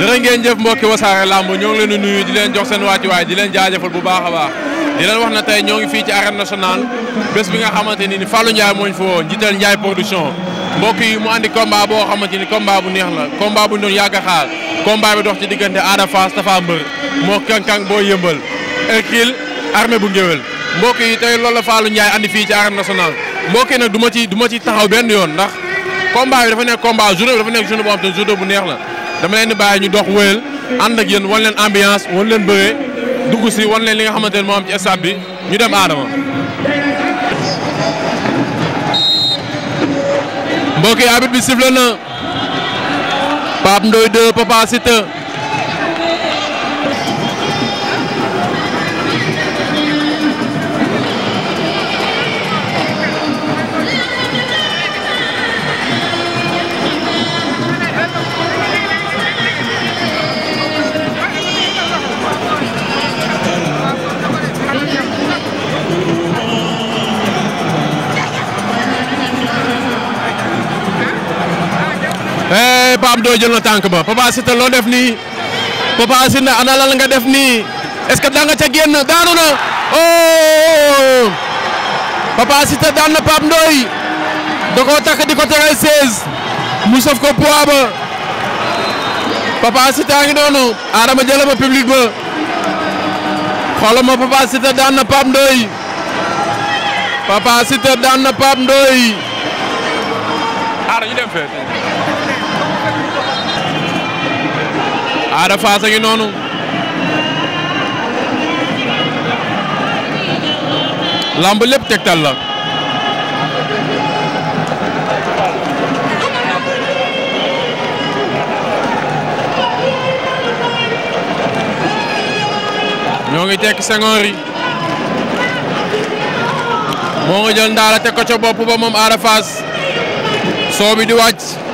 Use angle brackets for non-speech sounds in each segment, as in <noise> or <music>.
jërë ngeen jëf mbokki wasaare lamb ñoo ngi leen di nuyu di leen jox seen wàccuwaay di leen jaajëfal bu baax baax di leen wax na tey ñoo ngi fii ci arène nationale bés bi nga xamante ni Fallou Ndiaye mooñ fa woo njaay Ndiaye production mbokk yi mu andi combat boo xamante ni kombaa bu neex la combat bu ñu doon yàgg a xaar combat bi dox ci diggante Ada Fass Tapha Mbeur moo kankang boo yëmbal Hercule armée bu ngéwél mbokk yi tey loolu la Fallou Ndiaye andi fii ci arène nationale mbokk yi nag du du ma ci taxaw benn yoon ndax combat bi dafa nekk combat nekk journée boo bu neex la dama leen di bàyyi ñu dox wéyal ànd ak yéen wan leen ambiance wan dugg si wan li nga xamante ne moo am ci stade bi ñu dem aadama. mbokk yi bi sifflé na Pape Ndoye 2 Papa doo jël na tànk ba Papa Siteu loo def nii Papa Siteu ana nga def nii est-ce que da nga ca génn daanu na oh Papa daan na Pape Ndoye da takk di ko tegal 16 mu sof ko poids ba Papa Siteu a ngi noonu Adama jëlee ma public ba xoolal ma daan na Pape Ndoye Ada Fass noonu lamb lépp tegtal la ñoo ngi tekki sengoor yi moo ngi jël ndaala teg ko ca bopp ba moom Ada Fass soo di wàcc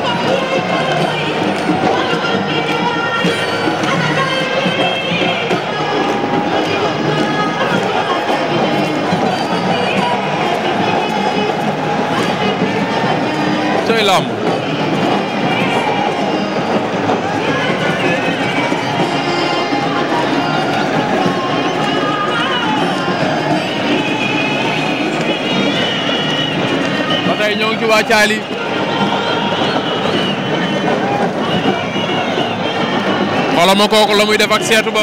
cooy làmb ba tey ñoo la muy def ak seetu ba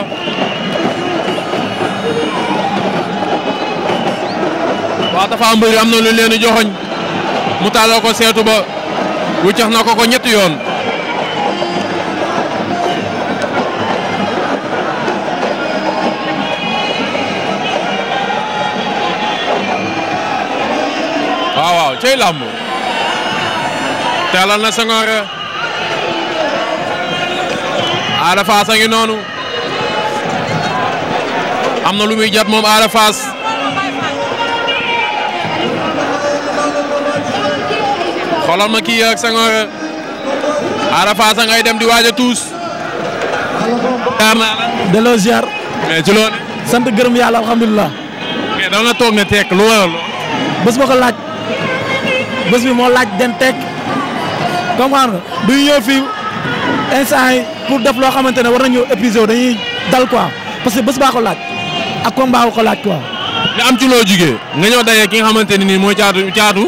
waa dafa am am na lu leen joxoñ mu tàllal ko seetu ba wuccax na ko ko ñetti yoon waaw waaw cey làmb teelal na Senghor Ada Fass a ngi noonu am na lu muy jot moom Ada Fass xoolal ma kii ak Senghor Ada Fass ngay dem di waaj a tuus. jaar naa la. delloo ziar. mais ci loolu. sant gërëm yàlla alhamdulilah. da la toog nga tekk lu waral lool. bés ma ko laaj. bés bi moo laaj den tekk. comprendre nga du ñëw fii instant yi pour def loo xamante ne war nañu épisode dañuy dal quoi parce que bés baa ko laaj. ak combat ko laaj quoi. nga am ci loo nga ñëw daje ki nga xamante ne nii mooy caatu caatu.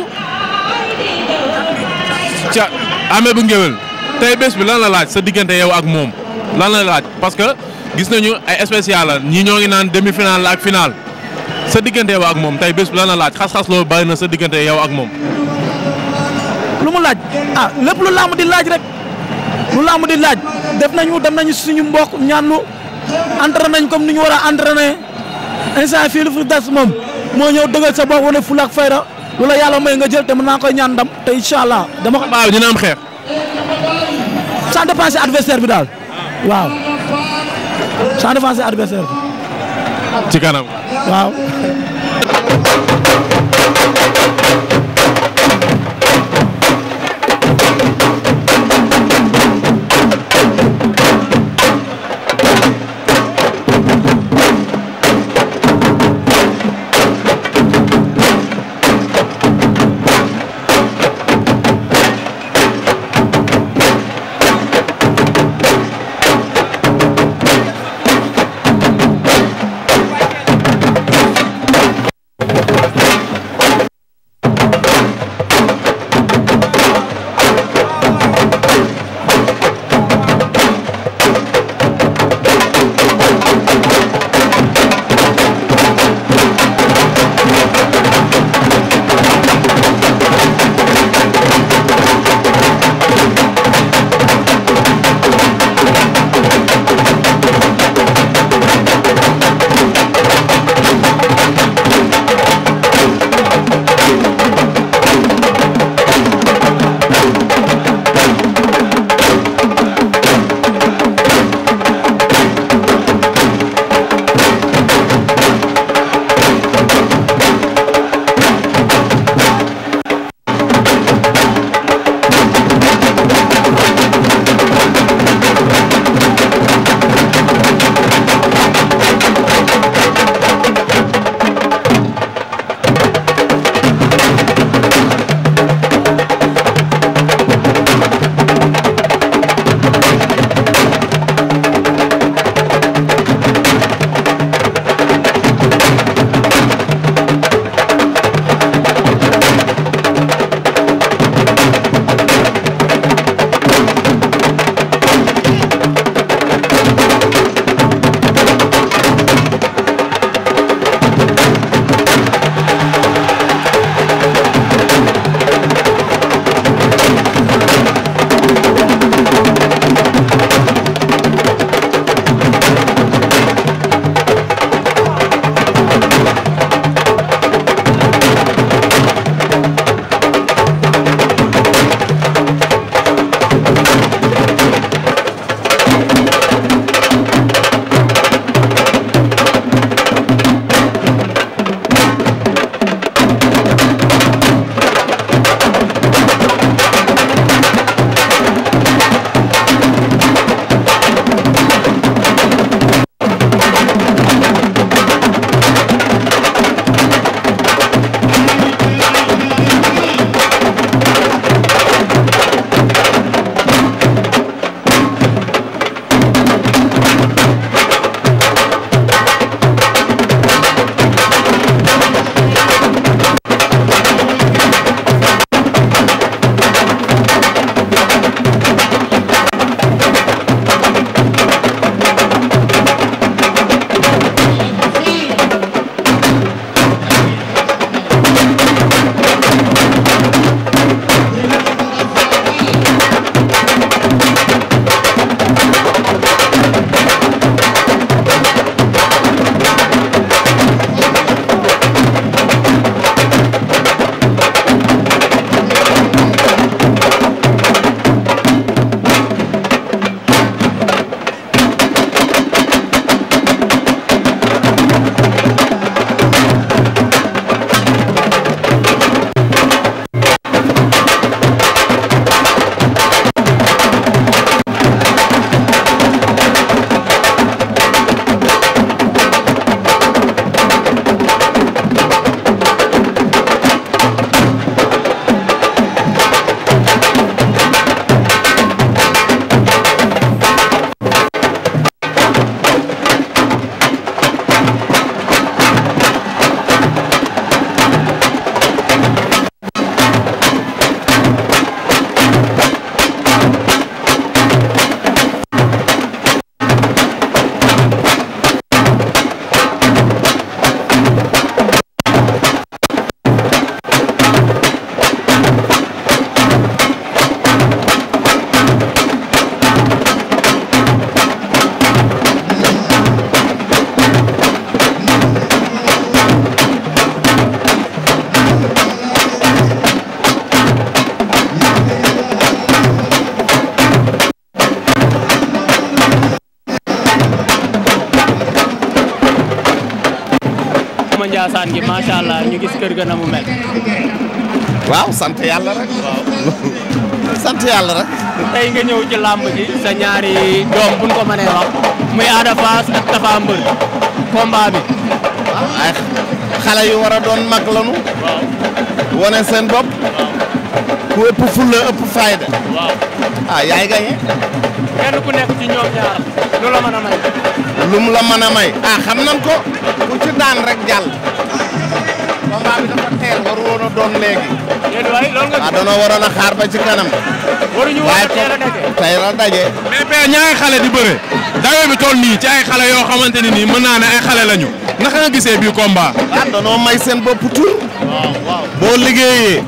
ca amee bu ngéwél tey bés bi lan la laaj sa diggante yow ak moom lan la laaj parce que gis nañu ay spécial la ñii ñoo ngi naan demi finale la ak finale sa diggante yow ak moom tey bés bi lan la laaj xas-xas loo bàyyi na sa diggante yow ak moom. lu mu laaj ah lépp lu laamu di laaj rek lu laamu di laaj def nañu dem nañu suñu mbokk ñaanu entraîné nañ comme ni ñu war a entraîné instant fii lu fi des moom moo ñëw dëggal sa bopp wane fula ak fayda lu la yàlla may nga jël te mën naa koy ñaan dam te incha allah dama ko. waaw dina am xeex. sans dépenser adversaire bi daal. waaw sans dépenser adversaire bi. ci kanam. waaw. Njaasaan gi macha allah ñu gis kër ga waaw sant yàlla rek. waaw yàlla rek. tey nga ñëw ci làmb ji sa ñaari doom buñ ko mënee wax muy Ada Fass ak waaw ay xale yu war a doon mag lanu. waaw wane seen bopp. ku ëpp fulla ëpp fayda. waaw ah, yaay gañe. kenn ku nekk ci ñaar lu la lu mu la a ah, xam nan ko ku ci daan rek jàll. combat bi ah, danoo waroon a xaar ba ci kanam. waruñu woon a a daje waaye tey la daje. mais père ñaari xale di bëre. dawee bi toll nii ci ay xale yoo xamante ne nii mën naa ne ay xale lañu. naka nga gisee bii combat. waaw ah, danoo may seen bopp tur. boo liggéeyee.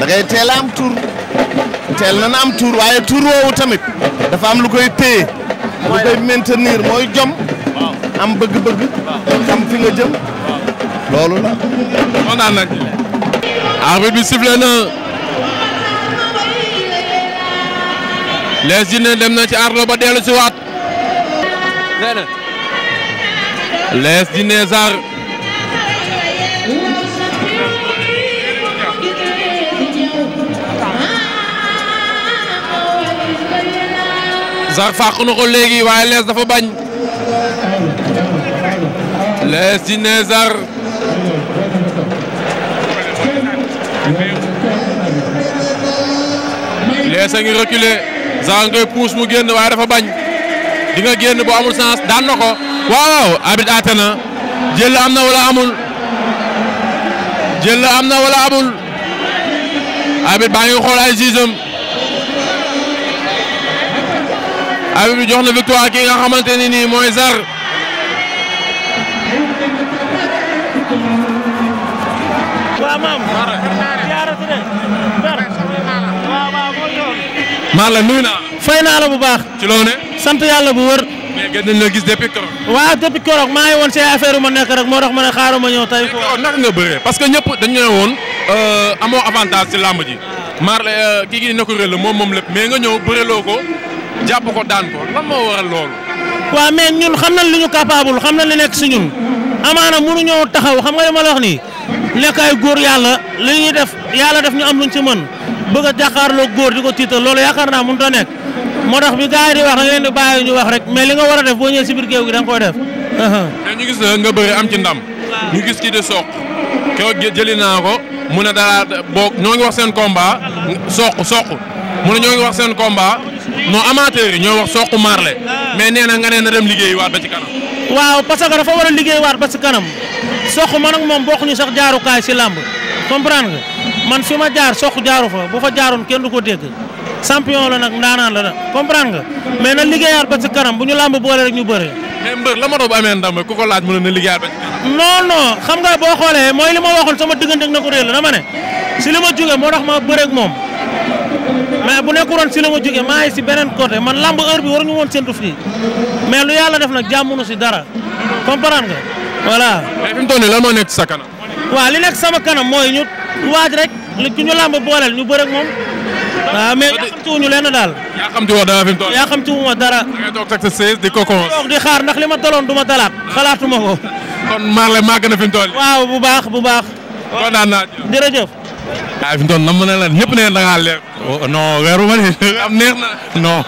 da ngay teel a am tur. teel na na am tur waaye tur woowu tamit. dafa am lu koy téye. lu koy maintenir mooy jom. am bëgg-bëgg. xam fi nga jëm. loolu la. kontaan nag. arbitre bi sifflé na. Less Djine dem na ci arlo ba dellu si waat. nee na. Less Djine Sarr. Sarr na ko léegi waaye Less dafa bañ. Less Djine Sarr. Less ngi reculer Zale ngay puus mu génn waaye dafa bañ di nga génn bu amul sens daan na ko waaw arbitre àtte na am na wala amul jël am na wala amul arbitre baa ngi xool ay siisam arbitre jox na victoire ki nga xamante ne mooy Zar maa la na naa. fay naa la bu baax. ci sant yàlla bu wër. mais gën nañ la gis depuis keroog. waaw depuis maa ngi woon ci affaire yu ma nekk rek moo tax ma ne xaaral ma ñëw tey. waaw naka nga bëree parce que ñëpp dañu ne woon euh, amoo avantage ci làmb ji. Marley euh, kii gi nekk ko la moom moom lépp mais nga ñëw bëreloo ko jàpp ko daan ko lan moo waral loolu. waaw mais ñun xam nañ li ñu capable xam nañ li nekk si ñun. amaana mënuñoo taxaw xam nga li ma la wax nii nekk ay góor yàlla li ñuy def yàlla def ñu am luñ ci mën bëgg a jàkkaarloo góor di ko tiital loolu yaakaar naa mënut a nekk moo tax bi gars di wax da ngeen di bàyyi ñu wax rek mais li nga war a def boo ñëwee si biir géew gi da def. Uh-huh. mais ñu gis la nga bëri am ci ndam. ñu gis kii di soq. keroog jëli naa ko mu ne dara boog ñoo ngi wax seen combat soq soq mu ne ñoo ngi wax seen combat non amateur yi ñoo wax soq marle ah. mais nee na nga nee na dem liggéeyuwaat ba ci kanam. waaw parce que dafa war a liggéeyuwaat ba ci kanam soq man ak moom bokkuñu sax jaarukaay si làmb comprendre nga man fi ma jaar soq jaaru fa bu fa jaaroon kenn du ko dégg champion la nag ndaanaan la nag comprendre nga mais na liggéeyaat ba ci kanam bu ñu làmb boole rek ñu bëre. mais mbër la ma doon bu amee ndam ku ko laaj mu na liggéeyaat xam nga boo xoolee mooy li ma waxoon sama diggante ak na ko réel na dama ne si li ma jógee moo tax ma bëre ak moom mais bu nekku woon si la ma jógee maa ngi si beneen côté man làmb heure bi waruñu woon séntu fi mais lu yàlla def nag jàmmuñu si dara comprendre nga voilà. mais fi mu toll nii lan moo nekk sa kanam. waaw sama kanam mooy ñu waaj rek li ki ñu làmb booleel ñu bëre ak moom. waaw mais yaa xam ci wuñu lenn daal. yaa xam ci woo dara fi mu toll. yaa xam ci wuma dara. da ngay toog teg sa sées di kokon. toog di xaar ndax li ma daloon du ma dalaat. Ah. xalaatu ma ko. kon maa ngi lay màgg na fi mu toll. waaw bu baax bu baax. kon daan naa jërëjëf. waaw fi mu toll nan ma ne la ñëpp ne da ngaa leer. Oh, non weeru ma ne. <laughs> am neex na. non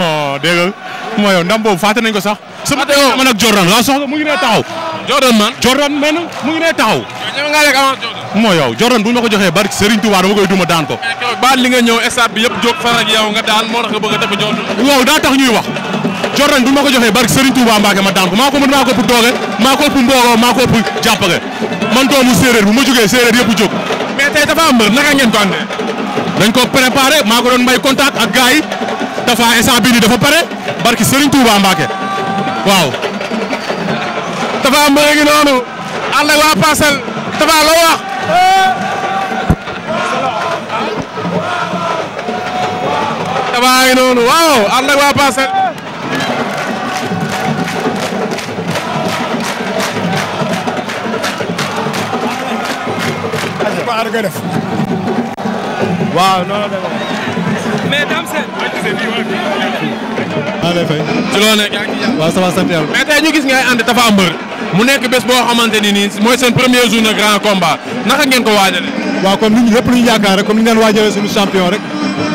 dégg nga mooy yow ndam boobu fàtte nañ ko sax. sama dégg nga man ak Jordan laa soxla mu ngi nee taxaw. Jordan man Jordan man mu ngi nee taxaw. ñoom ñoo ngi lay lekk avance Jordan. moo yow Jordan bu ñu ma ko joxee bari Serigne Touba dama koy duma daan ko. baat li nga ñëw stade bi yëpp jóg fan ak yow nga daan moo tax nga bëgg a def Jordan. waaw daa tax ñuy wax Jordan bu ñu ma ko joxee bari Serigne Touba Mbacke ma daan maa ko mën maa ko dooge maa ko ëpp mbooloo maa ko ëpp jàppale man doomu séeréer bu ma jógee séeréer yëpp jóg. mais tey dafa am mbër naka ngeen ko dañ ko préparé maa ko doon may contact ak gars dafa instant bii nii dafa Daba ngi noonu waaw ànd ak waa Parcelles waaw da koy def. waaw noonu la demee. mais Dame Sène. maa ngi lay fay. ci loo nekk yaa ngi ci jàmm. waaw ça va sant yàlla. mais tey ñu gis ngay ànd Tapha Mbeur. mu nekk bés boo xamante ni nii mooy seen premier jour de grand combat naka ngeen ko waajale waaw comme ni lépp lu ñu yaakaar rek comme ni ñu waajale suñu champion rek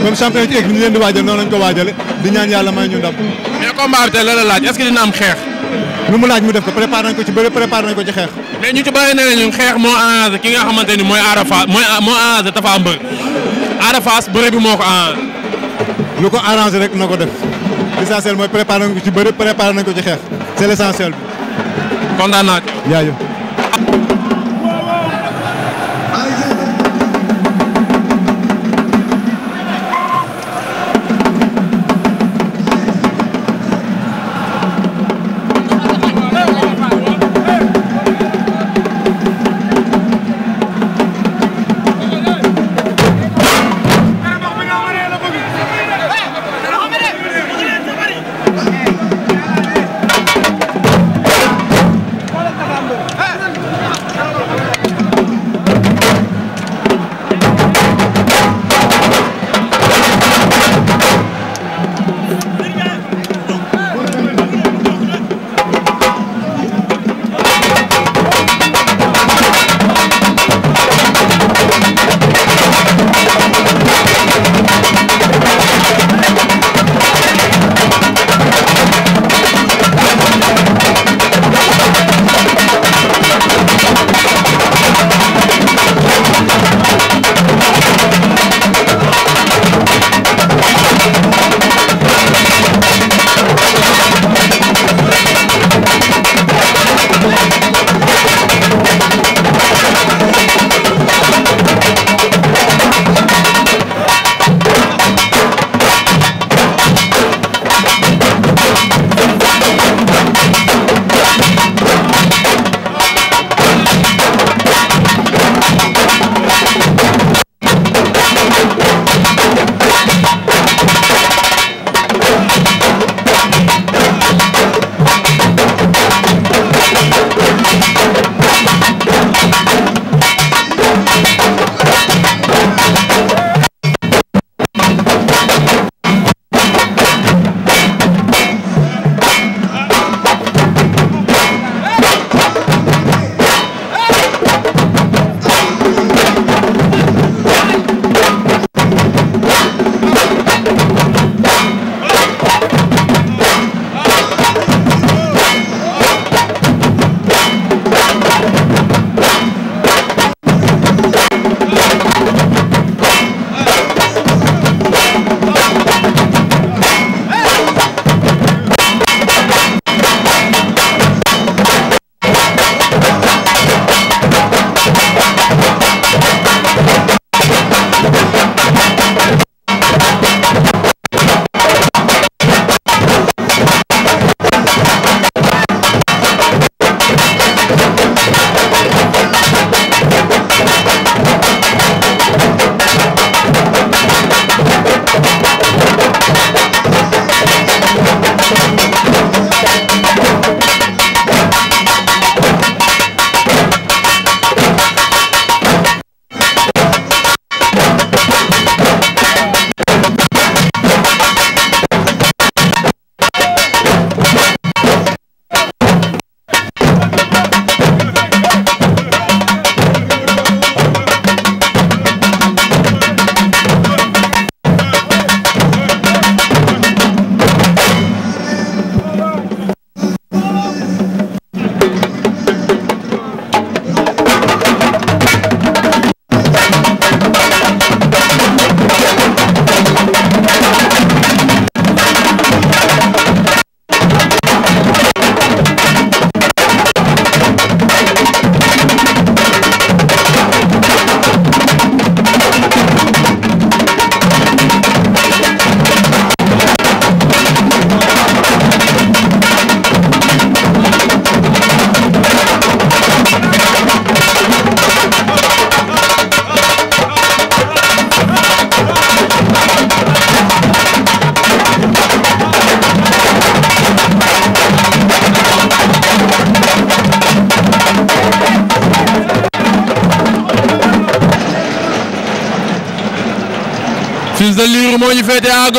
comme champion ci équipe ni leen di waajal noonu lañ ko waajale di ñaan yàlla may ñu ndam mais combat bi tey la la laaj est-ce que dina am xeex lu mu laaj mu def ko préparé nañ ko ci bëri préparé nañ xeex mais ñu ci bàyyi ne xeex moo arrangé ki nga xamante ni mooy Ada Fass mooy moo arrangé Tapha Mbeur Ada Fass bëri bi moo ko arrangé lu ko arrangé rek na ko def l'essentiel mooy préparé nañ ko bëri préparé nañ ko ci xeex kontaan naa. jaajëf.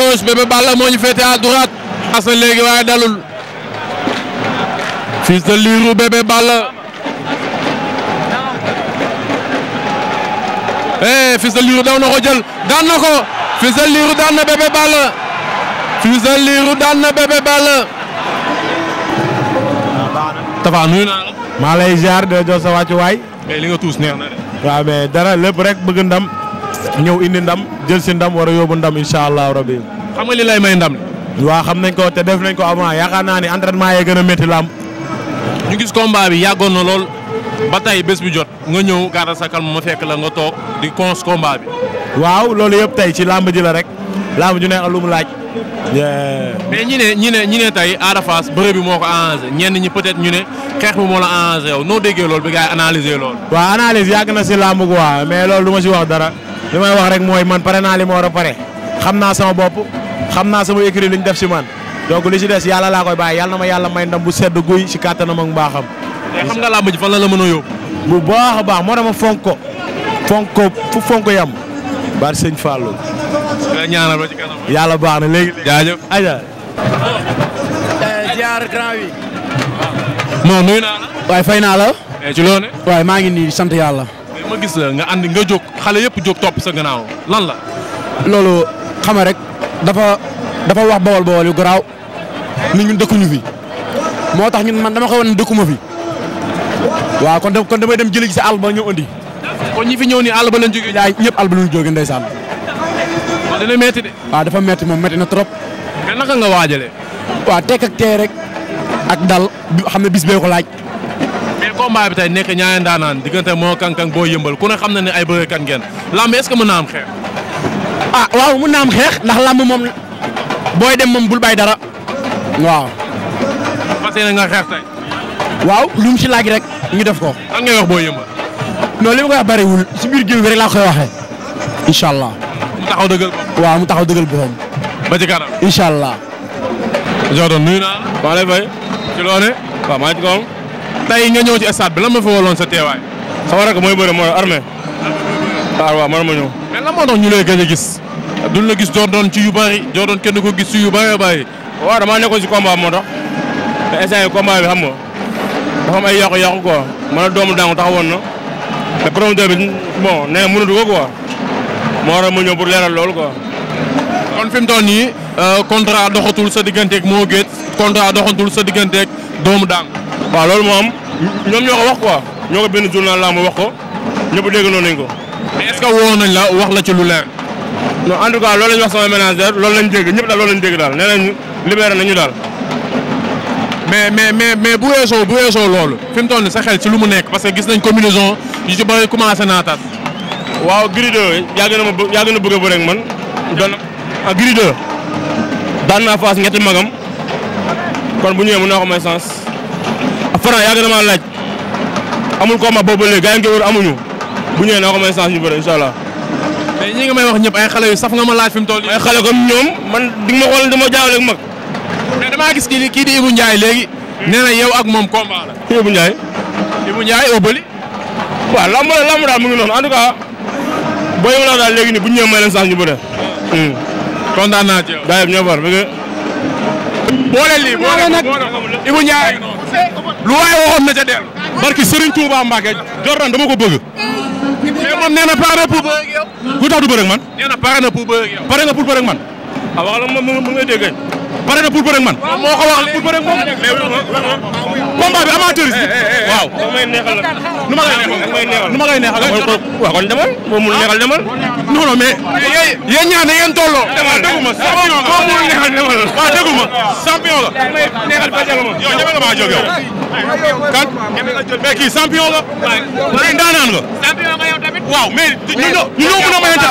gauche Bébé Balla moo ñu waaye dalul. Fils de Lirou Bébé Balla. eh Fils de Lirou ko jël daan na ko. Fils de naa la. maa lay ziar di jox sa wàccuwaay. mais li nga tuus neex na mais dara lépp rek bëgg ndam. ñëw indi ndam jël ndam war yóbbu ndam incha allah rabi. xam nga li lay may ndam. waa xam nañ ko te def nañ ko avant yaakaar naa ne entraînement yee gën a métti làmb. ñu gis combat bi yàggoon na lool ba tey bés bi jot nga ñëw gàttal sa calme ma fekk la nga toog di cons combat bi. waaw loolu yëpp tey ci làmb ji la rek làmb ju neex lu mu laaj. mais ñi ne ñi ne ñi tey Ada Fass bëre bi moo ko arrangé ñenn ñi peut-être ñu ne xeex bi moo la arrangé yow noo déggee loolu bi gars yi analysé loolu. waaw analyse yàgg na si làmb quoi mais loolu du ma si wax dara li may wax rek mooy man pare naa li ma war a pare xam naa sama bopp xam naa sama écurie li ñu def si man donc li si des yàlla laa koy bàyyi yàlla ma yàlla may ndam bu sedd guy si kàttanam ak mbaaxam. xam nga làmb ji fan la la mën a yóbbu. bu baax a baax moo dama fonk ko fonk ko fu fonk ko yam. bari sëñ Fallou. ñaanal yàlla baax na léegi. jaajëf aja ziar grand wi. non nuyu naa la. waaye fay naa la. Eh, ci waaye maa ngi nii sant yàlla. ma gis nga ànd nga jóg xale yëpp jóg topp sa gannaaw lan la. loolu xama rek. dafa dafa wax bawol bawol yu garaaw ni ñun dëkkuñu fi moo tax ñun man dama ko wan dëkkuma fi waaw kon kon damay dem jëli si sa àll ba ñëw andi. kon ñu fi ñëw nii àll ba lañ jógee. yaay ñëpp àll ba lañ jógee ndeysaan. waaw dina metti de. dafa metti moom metti na trop. naka nga waajalee. waaw tekk ak tey rek ak dal xam ne bis bee ko laaj. mais combat bi tey nekk ñaari ndaanaan diggante moo kankang boo yëmbal ku ne xam na ne ay bëreekat ngeen lamb est mën naa am xeex. ah waaw mun naa am xeex ndax làmb moom booy dem moom bul bàyyi dara waaw. fas yéene nga xeex tey. waaw lu ci laaj rek ñu def ko. lan ngay wax booy yëngal. non li ma koy wax bariwul si biir géew bi rek laa koy waxee. incha mu taxaw dëggal boppam. waaw mu taxaw dëggal boppam. ba ci kanam. incha allah. Jordan nuyu naa la. maa fay. ci loone waaw maa ngi ci kaw. nga ñëw ci stade bi lan ma woloon sa teewaay. sama rakk mooy bëre mooy armée. waaw waaw man ma ñëw. mais lan moo tax ñu lay gëj a gis. duñ la gis Jordan ci yu bëri Jordan kenn ko gis ci yu a bëri. waaw damaa nekkoon ci combat moo tax. te instant yii combat bi xam nga dafa am ay yàqu-yàqu quoi man a doomu daangu taxawoon na. te promoteur bi bon nee na mënatu ko quoi. moo waral ma ñëw pour leeral loolu quoi. kon fi mu toll nii euh, contrat doxatul sa digganteeg moo géet contrat doxatul sa digganteeg doomu daangu. waaw loolu moo ñoom ñoo ko wax quoi ñoo ko. mais que woo nañ la wax la ci lu leer. non en tout cas la ñu wax sama manager loolu lañ dégg ñëpp daal loolu lañ dégg daal nee nañ libéré nañu daal. mais mais mais mais bu weesoo bu weesoo loolu fi mu toll nii sa xel ci lu mu nekk parce que gis nañ combinaison yu ci bëri commencé naa tas. waaw Gris 2 yàgg na ma bë na bëgg a bëre ak man. doon ah daan naa faas ñetti magam kon bu ñëwee mën naa ko may sens. Franc yàgg na laaj amul combat boobu ba léegi gars yi nga amuñu. bu ñëwee naa ko ñu bëre incha allah. mais ñi nga may wax ñëpp ay xale yu saf ma laaj fi mu toll ay xale ma xool dama jaawale ak mag. damaa gis kii kii di Ibou Ndiaye léegi. nee na yow ak moom combat la. kii Ibou Ndiaye. Ibou Ndiaye la lamb daal mu ngi noonu en booy ma daal léegi nii bu ñu ñëwee may leen chance ñu bëre. Hmm. kontaan naa ci ñoo far boole lii boole nag Ibou Ndiaye lu waaye waxoon na ca dellu. barki Serigne Touba Mbacke Jordan dama ko bëgg. moom nee na pare na pour bëre ak yow. lu tax du bëre ak man. nee na pare na pour bëre ak yow. pare nga pour bëre ak man. ah wax la moom mu ngi lay dégg. pare na pour bëre ak man. moo ko wax pour bëre ak moom. combat bi amateur yi. Eh, eh, eh, waaw. nu ma lay neexal nu ma neexal. waaw kon neexal demal. non non mais. yéen da ngeen tolloo. demal dëgguma champion nga. moom mu neexal demal. waaw dëgguma champion nga. neexal ba jàll ma. yow ñeme nga maa jóg yow. kan mais kii champion nga. mais ndaanaan nga. champion nga yow a mayante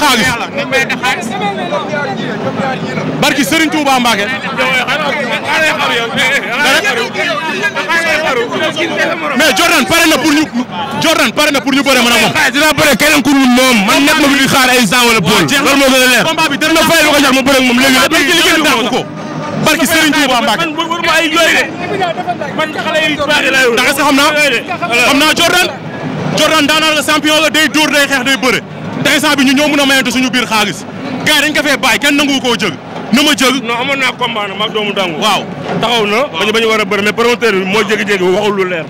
mais Jordan pare na pour ñu Jordan pare na pour ñu bëre man ak moom. dina bëre keneen ku dul man nekk ma fi di ay Jean wala Paul. loolu moo a leer dina fay ko jox ma da nga sax xam naa xam naa Jordan. Jordan daanaka la champion la day dóor day xeex day bëre. te instant ñu ñoo mën a mayante suñu biir xaalis. gars yi dañ ko fee bàyyi kenn nangu koo jëg na ma jël non amoon naa combat na maag doomu dangu waaw taxaw na bañu bañu war a bëri mais promoteur bi moo jékki-jékki waxul lu leer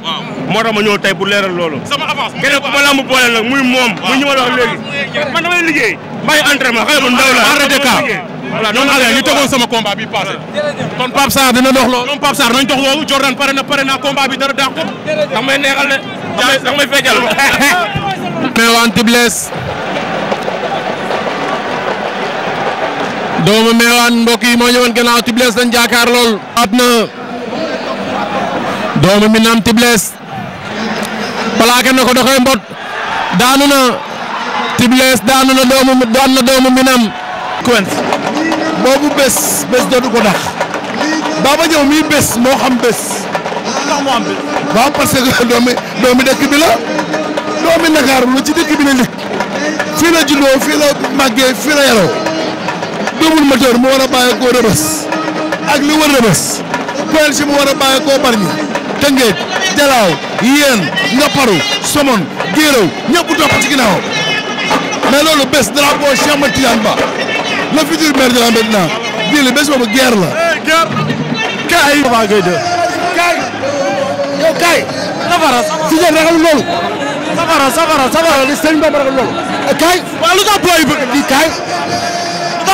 moo tax ma ñëw tey loolu sama avance keneen ku ma lamb boole nag muy moom muy ñu ma wax léegi man damay liggéey bàyyi entraînement xale bu ndaw la arrêté ka voilà ñoom dox loolu ñoom Pape Sarr nañ dox loolu Jordan pare na pare naa combat bi dara daax ko danga may neexal de danga may feccal mais <laughs> waan Tibles doomu Mewane mbokk moo ñëwoon gannaaw Tibles dañ jaakaar lool. at na doomu mi naam Tibles plaqué ko da koy mbot daanu na Tibles daanu na doomu daan na doomu mi boobu bés bés dootu ko dax Baba Diaw mii bés moo xam bés. ndax moo am <laughs> doomi doomi bi la doomi Ndakaaru la ci dëkk bi la fii la juddoo fii la màggee fii la yaroo. Double Moteur mu war a bàyyeekoo Rebeuss ak li wër Rebeuss PLG mu war a bàyyeekoo Bargny Tëngéej Jalaaw Yeen Ngaparu Somone Guéréo ñëpp topp ci ginnaaw mais loolu bés drapeau Cheikh Ahmadou Tidiane Ba le futur maire de la Médina bii la bés boobu guerre la. Eh, kaay. safara si ngeen ragal loolu. safara safara safara li sëñ Ba ragal loolu. kaay waaw lu tax booy bëgg di kaay.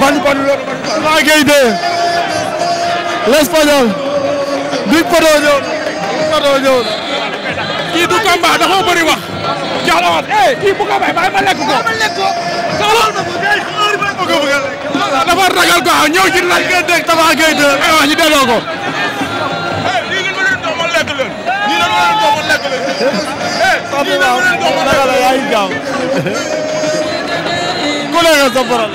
ban ban loolu ban ban. Balla Gaye 2 l'Espagnol. Big Pato ñëw na. Big Pato ñëw na. kii du combat dafa bëri wax. jox la wax eh kii bu ko bay bàyyi ma lekk ko. ma lekk ko. soxla na ko day xool ba ko bëgg a lekk. dafa ragal ko ah ñëw ci laaj nga dégg Balla Gaye 2 ay eh, wax ñu delloo ko. Sabu waaw dara yaa ngi gaaw ku nekk sa borom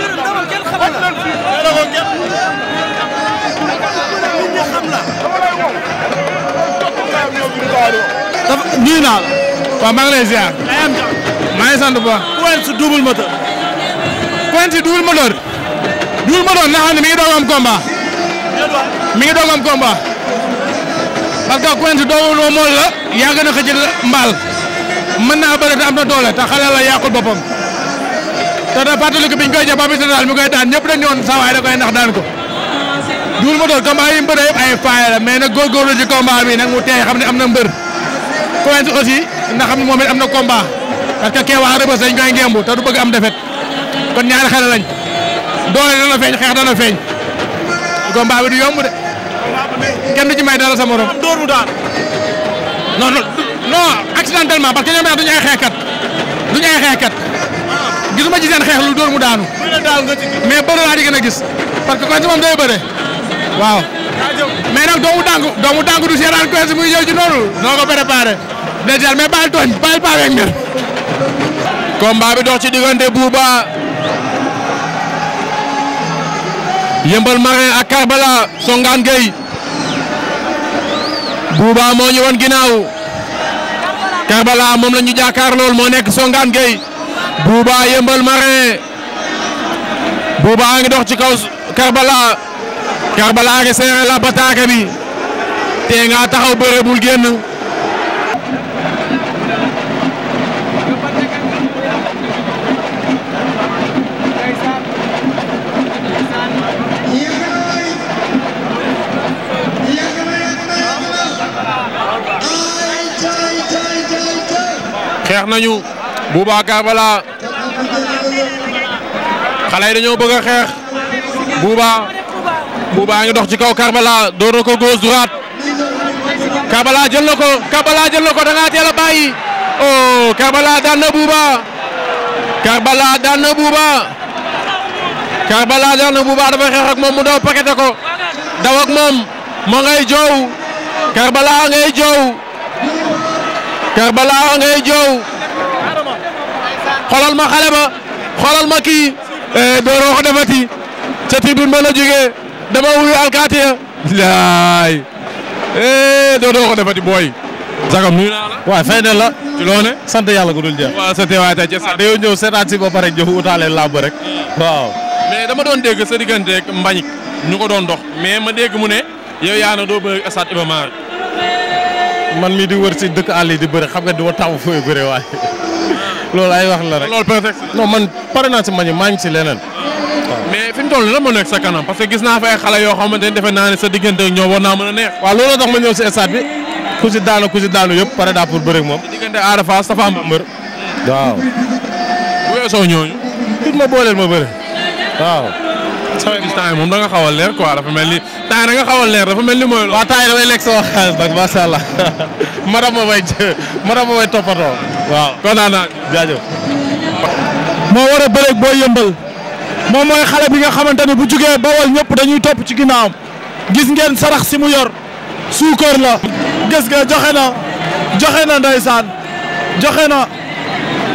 dafa nuyu naa maa ngi lay ziar. maa ngi sant bu baax. Quench double moteur. Quench double nga xam ne mi ngi doog am combat. mi ngi doog mool la. yàgg na ko mbaal. mën naa bëri te am na la yàqul boppam. te da fàttaliku biñ koy jàpp Papis Général mi koy daan ñëpp dañ ñëwoon da koy ndax daan ko. Double Moteur combat yi mbër yëpp ay faay la mais nag góorgóorlu ci combat bi nag mu teey xam ne am na mbër. Quench aussi na xam ne moom it am na combat parce que kee wax rëbës dañ koy ngembu te du bëgg am defet kon ñaari xale lañ doole dana feeñ xeex dana feeñ combat bi du yomb de kenn du ci may dara sa morom. door mu daan non non non accidentellement parce que ñoom ñaar duñu ay xeexkat duñu gisuma ci seen xeex lu dóor mu daanu. mais bëri laa di a gis parce que Quench moom day bëre waaw. mais nag doomu dàngu doomu dàngu du seeraan Quench muy ñëw ci noonu noo ko préparé dèjà mais bàyyi tooñ bàyyi paa beeg mbir. combat bi dox ci diggante Bouba yëmbal marin ak Karbala Songane Gueye Bouba moo ñu wan ginnaaw Karbala moom la ñu lool moo nekk Songane Gueye Bouba yëmbal marin Bouba ngi dox ci kaw Karbala Karbala a ngi la bataake bi taxaw bëre bul génn xeex nañu Bouba Karbala xale yi dañoo bëgg xeex Bouba Bouba a dox ci kaw Karbala door na ko gauche droite Karbala jël na ko Karbala teel a bàyyi oh Karbala daan na Bouba Karbala daan na Bouba dafa xeex ak moom mu daw pakete ko daw ak moom ma ngay joow Karbala ngay joow Karbala ngay joow xoolal ma xale ba xoolal ma kii eh, dooroo ko defati ca tribune ba la jógee dama wuyu alkaati ya laay eh, dooroo ko defati booy. Zakam nuyu naa la. waaw fay sant yàlla gu dul jeex. waaw sa teewaay tey ci sant. ñëw seetaat si ba pare jëf utaale làmb rek. Hmm. waaw. mais dama doon dégg sa diggante Mbañik ñu ko doon dox mais ma dégg mu ne yow yaa na doo bëgg stade Iba Mar man mii di wër si dëkk àll yi di bëri xam nga duma taamu fooy bëre waaye. Ah. loolu ay wax la rek. loolu man pare naa si mañi maa ngi si leneen. mais fi mu toll la lan moo nekk sa kanam parce que gis naa fa ay xale yoo xamante defe naa ne sa diggante ak war naa mën a neex. waaw looloo tax ma ñëw si stade bi ku daanu ku daanu yëpp pare daa pour bëri ak moom. diggante Ada Fass Tapha Mbeur. waaw. bu ñooñu. it ma booleel ma bëri saa moom da nga xaw a leer quoi dafa mel a leer dafa mel ni mooy. waaw temps yi ma may madame ma may toppatoo waaw kon naa naa jaajëf. moo war a bëreeg booy yëmbal moom mooy xale bi nga xamante ne bu jugee bawal ñëpp dañuy topp ci ginnaawam gis ngeen sarax si mu yor suukar la. gis nga joxe na joxe na ndeysaan joxe na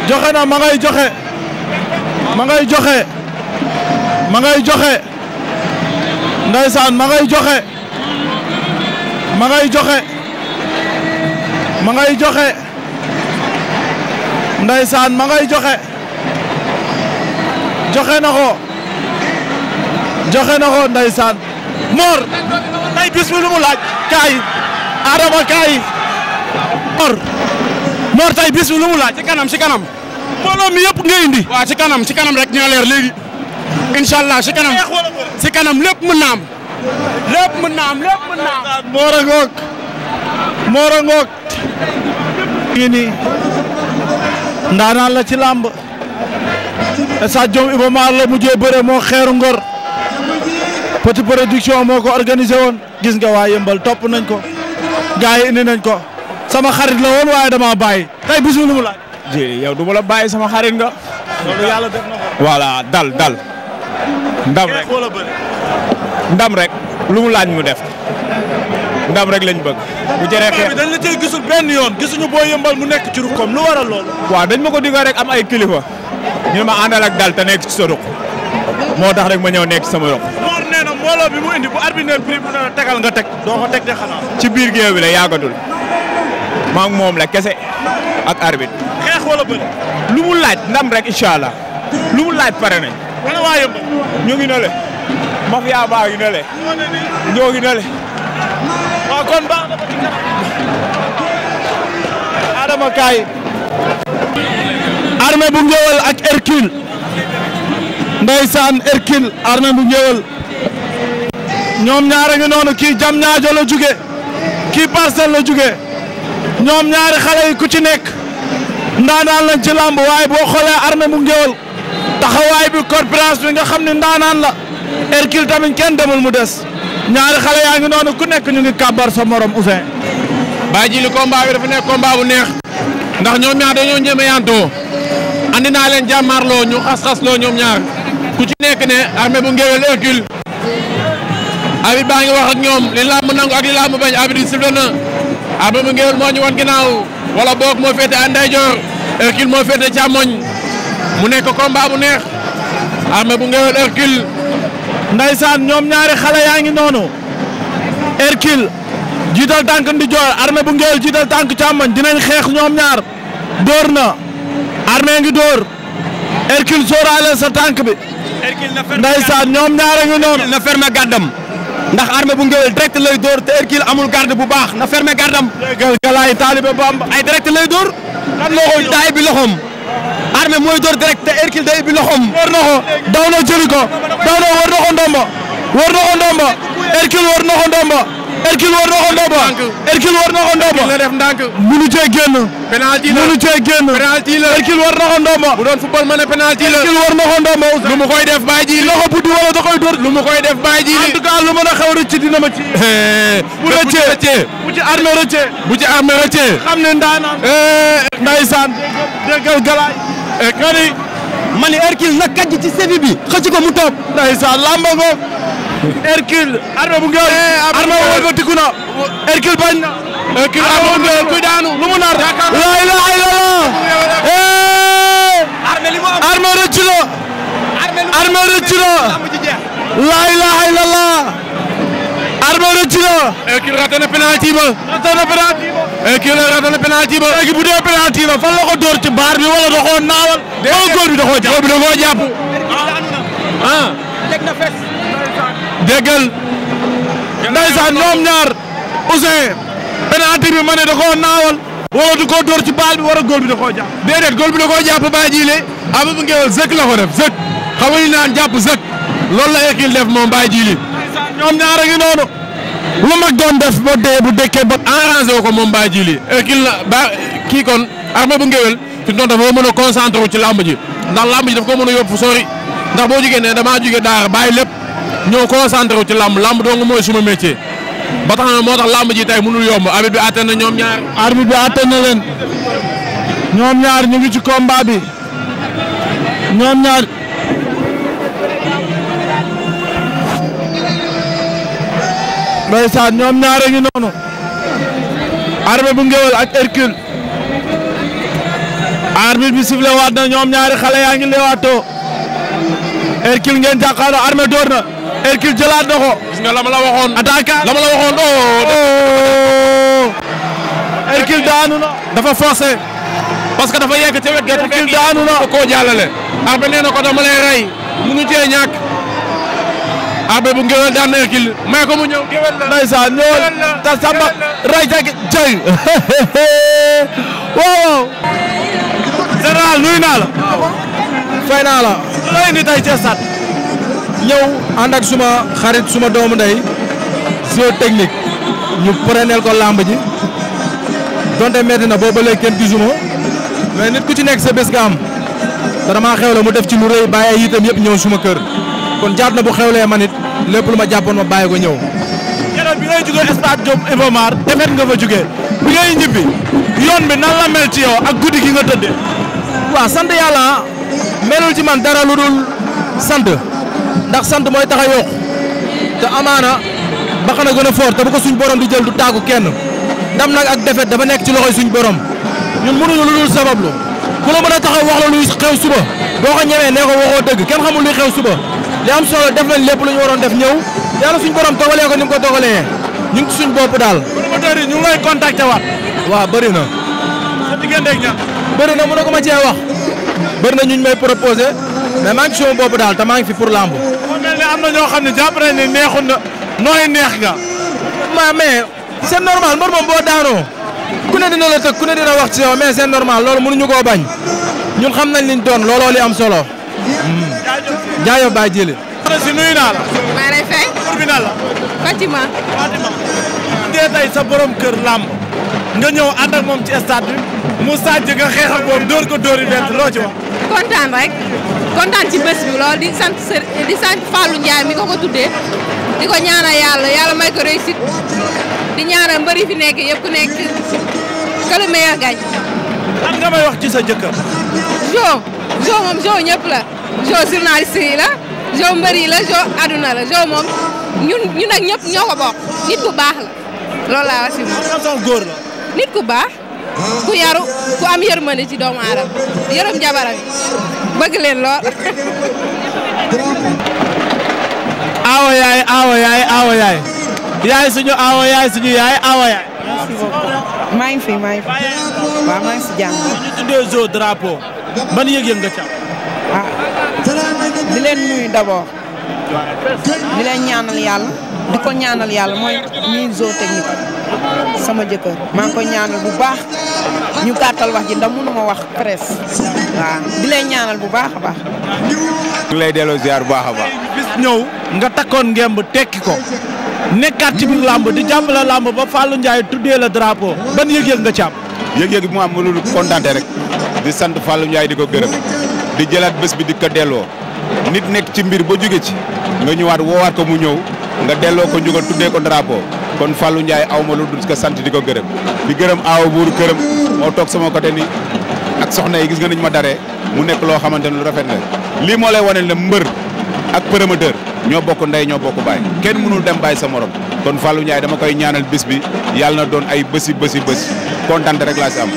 joxe na joxe ma joxe. ma ngay joxe ndeysaan ma ngay joxe ma ngay joxe ma ngay joxe ndeysaan ma ngay joxe joxe na ko joxe na ko ndeysaan Mor tey bis bi lu mu laaj kaay Adama Mor Mor tey bis mu laaj ci kanam ci kanam mbooloo mi yëpp nga indi ci kanam ci kanam rek ñoo leer léegi incha allah si kanam si kanam lépp mën na am lépp mën na a ngoog Mor ndaanaan la ci làmb stade Iba Mar la mujjee bëre moo xeeru ngor petit production moo ko organisé woon gis nga waa yembal topp nañ ko gars yi nañ ko sama xarit la woon waaye dama bàyyi tey bisu lu mu laaj. yow du ma la bàyyi sama xarit nga. loolu na ko. voilà dal dal. ndam rek ndam rek lu mu laaj mu def ndam rek lañ bëgg. bu jëree xeex dañ la cay gisul benn yoon gisuñu boo yëmbal mu nekk ci ruqam lu waral loolu. dañ ma ko digal rek am ay kilifa ñu ma àndal ak dal te nekk ci moo tax rek ma ñëw nekk sama ruq. Mor mbooloo bi mu indi bu arbitre prix bu ne tegal nga teg doo ko teg de ci biir géew bi la yàggatul maa moom la kese ak arbitre. xeex lu mu laaj ndam rek incha allah lu mu laaj pare nañ. wala waa ngi nale mafia baa ngi nale ñoo ngi nale waaw kon bu ngéwël ak Hercule ndeysaan Hercule armée bu ngéwël ñoom ñaare nga noonu kii jam ñaajo la jóge kii parcelle la jóge ñoom ñaari xale yi ku ci nekk ndaanaan lañ ci làmb waaye boo xoolee armée bu ngéwël taxawaay bi corpulence bi nga xam ne ndaanaan la Hercule tamit kenn demul mu des ñaari xale yaa ngi noonu ku nekk ñu ngi kàbbar sa morom Ousseyn. bàyyi ji li combat bi dafa nekk combat bu neex ndax ñoom ñaar dañoo ñeme yantoo andi naa leen jàmmaarloo ñu xas-xasloo ñoom ñaar ku ci nekk ne armée bu ngéwél Hercule Habib baa ngi wax ak ñoom li làmb nangu ak li làmb bañ Habib di sifflé na armée bu ngéwél moo ñu wan ginnaaw wala boog moo féete à ndeyjoor mu nekk combat bu neex Armé bu Ngéwél Hercule ndaysaan ñoom ñaari xale yaa ngi noonu Hercule jiital tànk ndijoor Armé bu Ngéwél jiital tànk càmmoñ dinañ xeex ñoom ñaar dóor na Armé ngi dóor Hercule sóoraale sa tànk bi ndaysaan ñoom ñaar a ngi noonu na ferme gàddam ndax Armé bu Ngéwél lay dóor te Hercule amul garde bu baax na ferme gàddam galaay taalibe Bamba ay direct lay dóor kan loxo taay bi loxoom armé mooy door direct te Hercule day ibbi loxoom. war na ko daw na jëli ko daw na war na ko ndomba war na ko ndomba Hercule war na ko ndomba Hercule war na ko ndomba Hercule war na ko ndomba la def ndànk munu cee génn penalty la munu cee génn penalty la Hercule war na ko ndomba bu doon football ma ne penalty la Hercule war na ko ndomba lu mu koy def bàyyi ji loxo buddi wala da koy dóor lu mu koy def bàyyi ji en tout cas lu mën a xew rëcc dina ma ci bu rëccee bu ci armé rëccee bu ci armé rëccee xam ne ndaanaan ndeysaan déggal galaay e kadi mani Hercule na kàjj ci sébi bi mu toog ndeysaan lamba ko Hercule arme bu ngeen eh, arme wol ko bañ na Hercule arme bu ngeen kuy daanu lu mu nar laa ilaaha eh. la arme rëcc ardo rëcc na kii raté na penalty ba raté euh, bu dee penalty ba fan ci baar bi wala da naawal wala góor bi da koo jàpp góor bi da koo ah. ñaar Ousseyn penalty bi ma ne da naawal wala du koo ci baal bi war góor bi da koo jàpp déedéet bi da koo jàpp baa jiile Abou la ko def zëkk xamuñu naan jàpp zëkk loolu la moom baa ñoom ñaar a ngi noonu. lu mag doon def ba dee bu dëkkee ba arrangé ko moom Baye Djily euh, kii la ba kii kon Armé bu Ngéwél fi mu dafa mën a concentré wu ci làmb ji ndax làmb ji daf ko mën a yóbbu fu sori ndax boo jugee ne damaa jugee daara bàyyi lépp ñëw concentré wu ci làmb làmb dong mooy suma métier ba tax moo tax làmb ji tay mënul yomb arbitre bi àtte na ñoom ñaar. arbitre bi àtte na leen ñoom ñaar ñu ngi ci combat bi ñoom ñaar. ndeysaan ñoom ñaare ngi noonu arbitre bu ak Hercule arbitre bi sifflé waat na ñoom ñaari xale yaa ngi leewaatoo Hercule ngeen jàkkaarloo armé door na Hercule na ko la ma la waxoon attaque oh. oh. na dafa forcé parce que dafa yegg ca wet ga daanu na ko jàllale arbitre nee ko dama lay rey munu cee ñàkk abe bu ngewel daan na Hercule may ko mu ñëw ngewel la ndeysaan ñëwal ray jag jëng <laughs> waaw général nuyu naa fay naa lay ni tay ci ñëw ànd suma xarit suma doomu ndey sio technique ñu preneel ko lamb ji donte metti na booba léegi kenn gisuma mais nit ku ci nekk sa bés nga am dama xew la mu def ci lu rëy bàyyi itam yëpp ñëw suma kër kon jaar na bu xewlee man it lépp lu ma jàppoon ma bàyyi ko ñëw. keroog bi ngay jugee stade Diop Iba defet nga fa jugee bi ngay ñibbi yoon bi nan la ci yow ak guddi gi nga tëddee. waaw sant yàlla melul ci man dara lu dul sant ndax sant mooy tax a yokk te amaana ba xana gën a te bu ko suñ borom di jël du tàggu kenn ndam nag ak defet dafa nekk ci loxo suñ borom ñun mënuñu lu dul sabablu ku la mën a taxaw wax la luy xew suba boo ko ñemee nee li am solo def nañ lépp lu ñu waroon def ñëw yàlla suñ borom dogalee ko ni ko dogalee ñu ngi suñ bopp daal. promoteur yi ñu ngi lay contacter waat. waaw bëri na. sa diggante ak ñoom. bëri na mënoo ko ma cee wax. bëri na ñu may proposé mais maa ngi si sama daal te maa ngi fi pour lamb. moo mel ne am na ñoo xam ne jàpp nañ ne neexul na nooy neex nga. ma mais c'est normal mbër moom boo daanoo ku ne dina la tëgg ku ne dina wax ci yow mais c'est normal loolu mënuñu koo bañ ñun xam nañ liñ doon looloo li am solo. Hmm. jaayoo baay jëlee. maa lay fay. la. Fatima. Fatima. sa borom kër làmb nga ñëw ànd ak moom ci stade bi mu sàjj nga xeex ak dóor ko dóor yi bett loo wax. kontaan rek kontaan ci bés bi lool di sant di sant Fallou Ndiaye mi ko ko tuddee di ko ñaanal yàlla yàlla may ko réussite di ñaanal mbëri fi nekk yëpp nekk que le meilleur nga may wax ci sa jëkkër. Jo Jo ñëpp la. jo journaliste yi la jo mbër yi la aduna la jo moom ñun ñun ak ñëpp ñoo ko bokk nit ku baax la loolu laa wax si moom. nit ku baax ku yaru ku am yërmande ci doomu aadama yërëm jabaram bëgg leen lool. <laughs> awo yaay awo yaay awo yaay yaay suñu awo yaay suñu yaay awo yaay. maa ngi fi maa ngi fi waaw maa si jàmm. ñu tuddee drapeau ban yëg-yëg nga ca. ah di leen nuyu d'abord di leen ñaanal yàlla di ko ñaanal yàlla mooy mii zoo technique sama jëkkër maa ngi ñaanal bu baax ñu gàttal wax ji ndax mënuma wax presse waaw di leen ñaanal bu baax a baax. ñu lay delloo ziar bu baax a baax. bis ñëw nga takkoon ngemb tekki ko nekkaat ci biir làmb di jàmbale làmb ba Fallou Ndiaye tuddee la drapeau ban yëg-yëg nga ci am. yëg-yëg bi mu am lu kontaante rek di sant Fallou Ndiaye di ko gërëm di jëlaat bés bi di ko delloo. nit nekk ci mbir ba jóge ci nga ñëwaat woowaat ko mu ñëw nga delloo ko njugal tuddee ko drapeau kon Fallou Ndiaye aw ma lu dul ko sant di ko gërëm di gërëm aw buur këram moo toog sama côté ni ak soxna yi gis nga nañ ma daree mu nekk loo xamante ne lu rafet la lii moo lay wane ne mbër ak promoteur ñoo bokk ndey ñoo bokk baay kenn mënul dem baay sa morom kon Fallou Ndiaye dama koy ñaanal bis bi yàlla na doon ay bësi bësi bës kontaan rek laa si am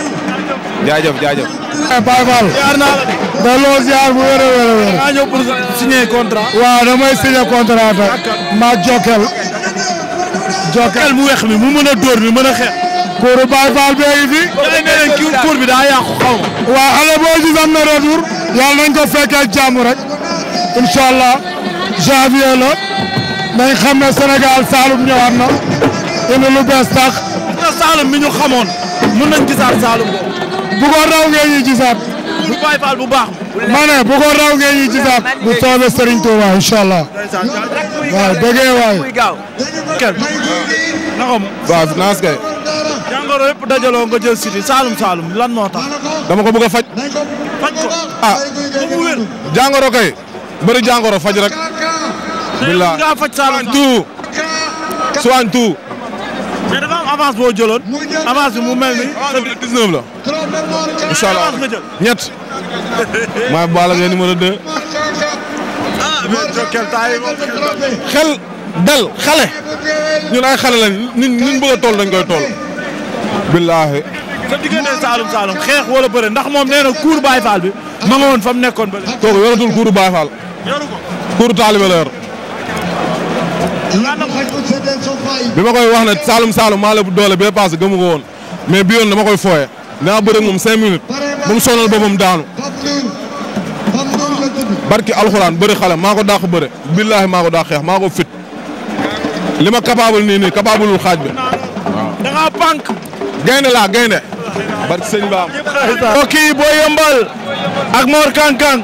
jaajëf Eh, Baye Fall waaw damay signer contrat tey. ma Jokal. mu weex mi mu mën a dóor mi mën a xeex. kuuru fi. tey kii kuur bi daa yàqu waaw xale boo gis am na retour. yàlla nañ ko fekkee jàmm rek. incha allah janvier la. nañ xam ne Sénégal Saalum ñëwaat na. indi lu bees bu ko raw ngeen ñu bu Baye Fall bu baax. ma ne bu ko raw bu soobee Serigne Touba incha allah. waaw bëggee waay. naxam. waaw kay. jàngoro yëpp dajaloo nga jël siti Saalum Saalum lan moo dama ko bëgg a faj. faj ko ah. kay. bëri jàngoro faj rek. bilaay nga faj Saalum Saalum soixante tout. boo jëloon avance incha allah ñett maay Balla Gaye numéro 2. xel dal xale ñun ay xale lañ ñun ñun bëgg dañ koy toll. billaahi. Saalum Saalum xeex wala bëre ndax moom nee na kuur Baay Faal bi ma nga woon fa mu nekkoon ba léegi. kooku yoratul kuuru Baay Faal. yoru ko kuuru taalibe la yor. bi ma koy wax Saalum Saalum maa doole bee paase gëmu ko woon mais bi yoon koy fooye. dinaa bëre moom cinq minutes ba mu sonal boppam daanu barki alxuraan bëri xale maa ko dàq billaahi maa ko dàq fit li ma capable nii xaaj bi waaw da ngaa laa gaynde barki sëñ baam mbokk yi boo ak Mor Kang Kang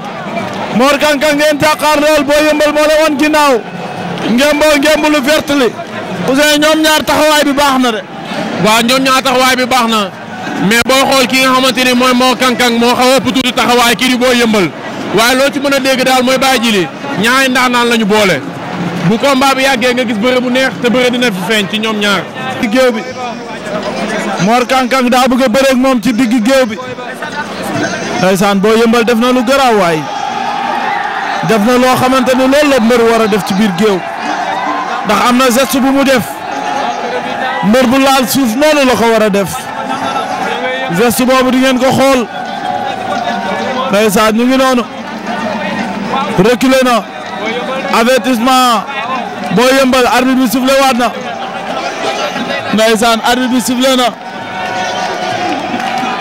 Mor Kang Kang ngeen jàkkaar lool boo yëmbal moo la woon ñoom ñaar taxawaay bi baax na de waaw ñoom ñaar taxawaay bi baax na mais boo xool ki nga xamante ni mooy moo kankang moo xaw a tuuti taxawaay kii di boo yëmbal waaye loo ci mën a dégg daal mooy bàyyi jili ñaari ndaanaan la ñu boole bu combat bi yàggee nga gis bëre bu neex te bëre dina fi feeñ ci ñoom ñaar. ci géew bi Mor kankang daa bëgg a bëreeg moom ci digg géew bi. Ndeysaan boo yëmbal def na lu garaaw waay def na loo xamante ni loolu la mbër war a def ci biir géew ndax am na geste bu mu def mbër bu laal suuf noonu la ko war a def. geste boobu di ngeen ko xool ndeysaan ñu ngi noonu reculé na avertissement Boy Yeumbeul arbitre bi sifflé waat na ndeysaan arbitre bi sifflé na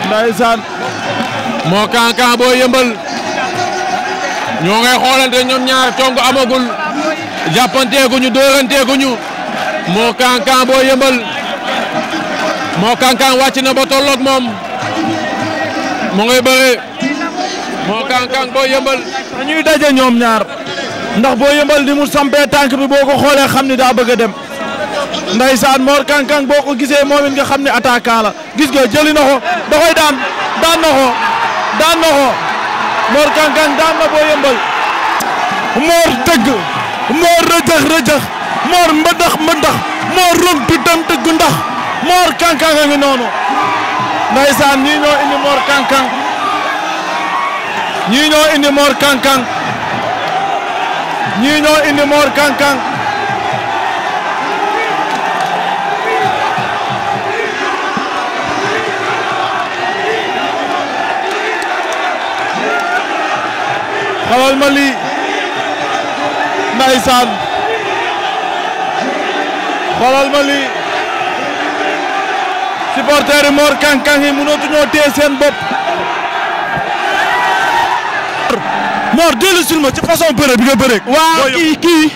ndeysaan moo Kan Kan Boy Yeumbeul ñoo ngay xoolante ñoom ñaar cong amagul jàppanteeguñu dóoranteeguñu moo Kan Kan Boy Yeumbeul moo kankan wàcc na ba tolloog moom mu ngay bëre moo kankan boo yëmbal dañuy daje ñoom ñaar ndax boo yëmbal ni mu sampee tànk bi boo ko xoolee xam ni daa bëgg a dem ndeysaan moor kankan boo ko gisee moo it nga xam ne attaquant la gis nga jëli na ko da koy daan daan na ko daan na ko moor kankan daan boo yëmbal moor dëgg moor rëjëx rëjëx moor mbëndax mbëndax moor rum pitam dëgg ndax Mor Kankang a ngi noonu ndeysaan ñii ñoo indi Mor Kankang ñii ñoo indi Mor Kankang ñii ñoo indi Mor Kankang xawal ma supporteurs yi Mor Kang Kang yi mënatuñoo téye seen bopp. Mor dellu sul ma ci façon bëre bi nga bëre. waaw kii kii.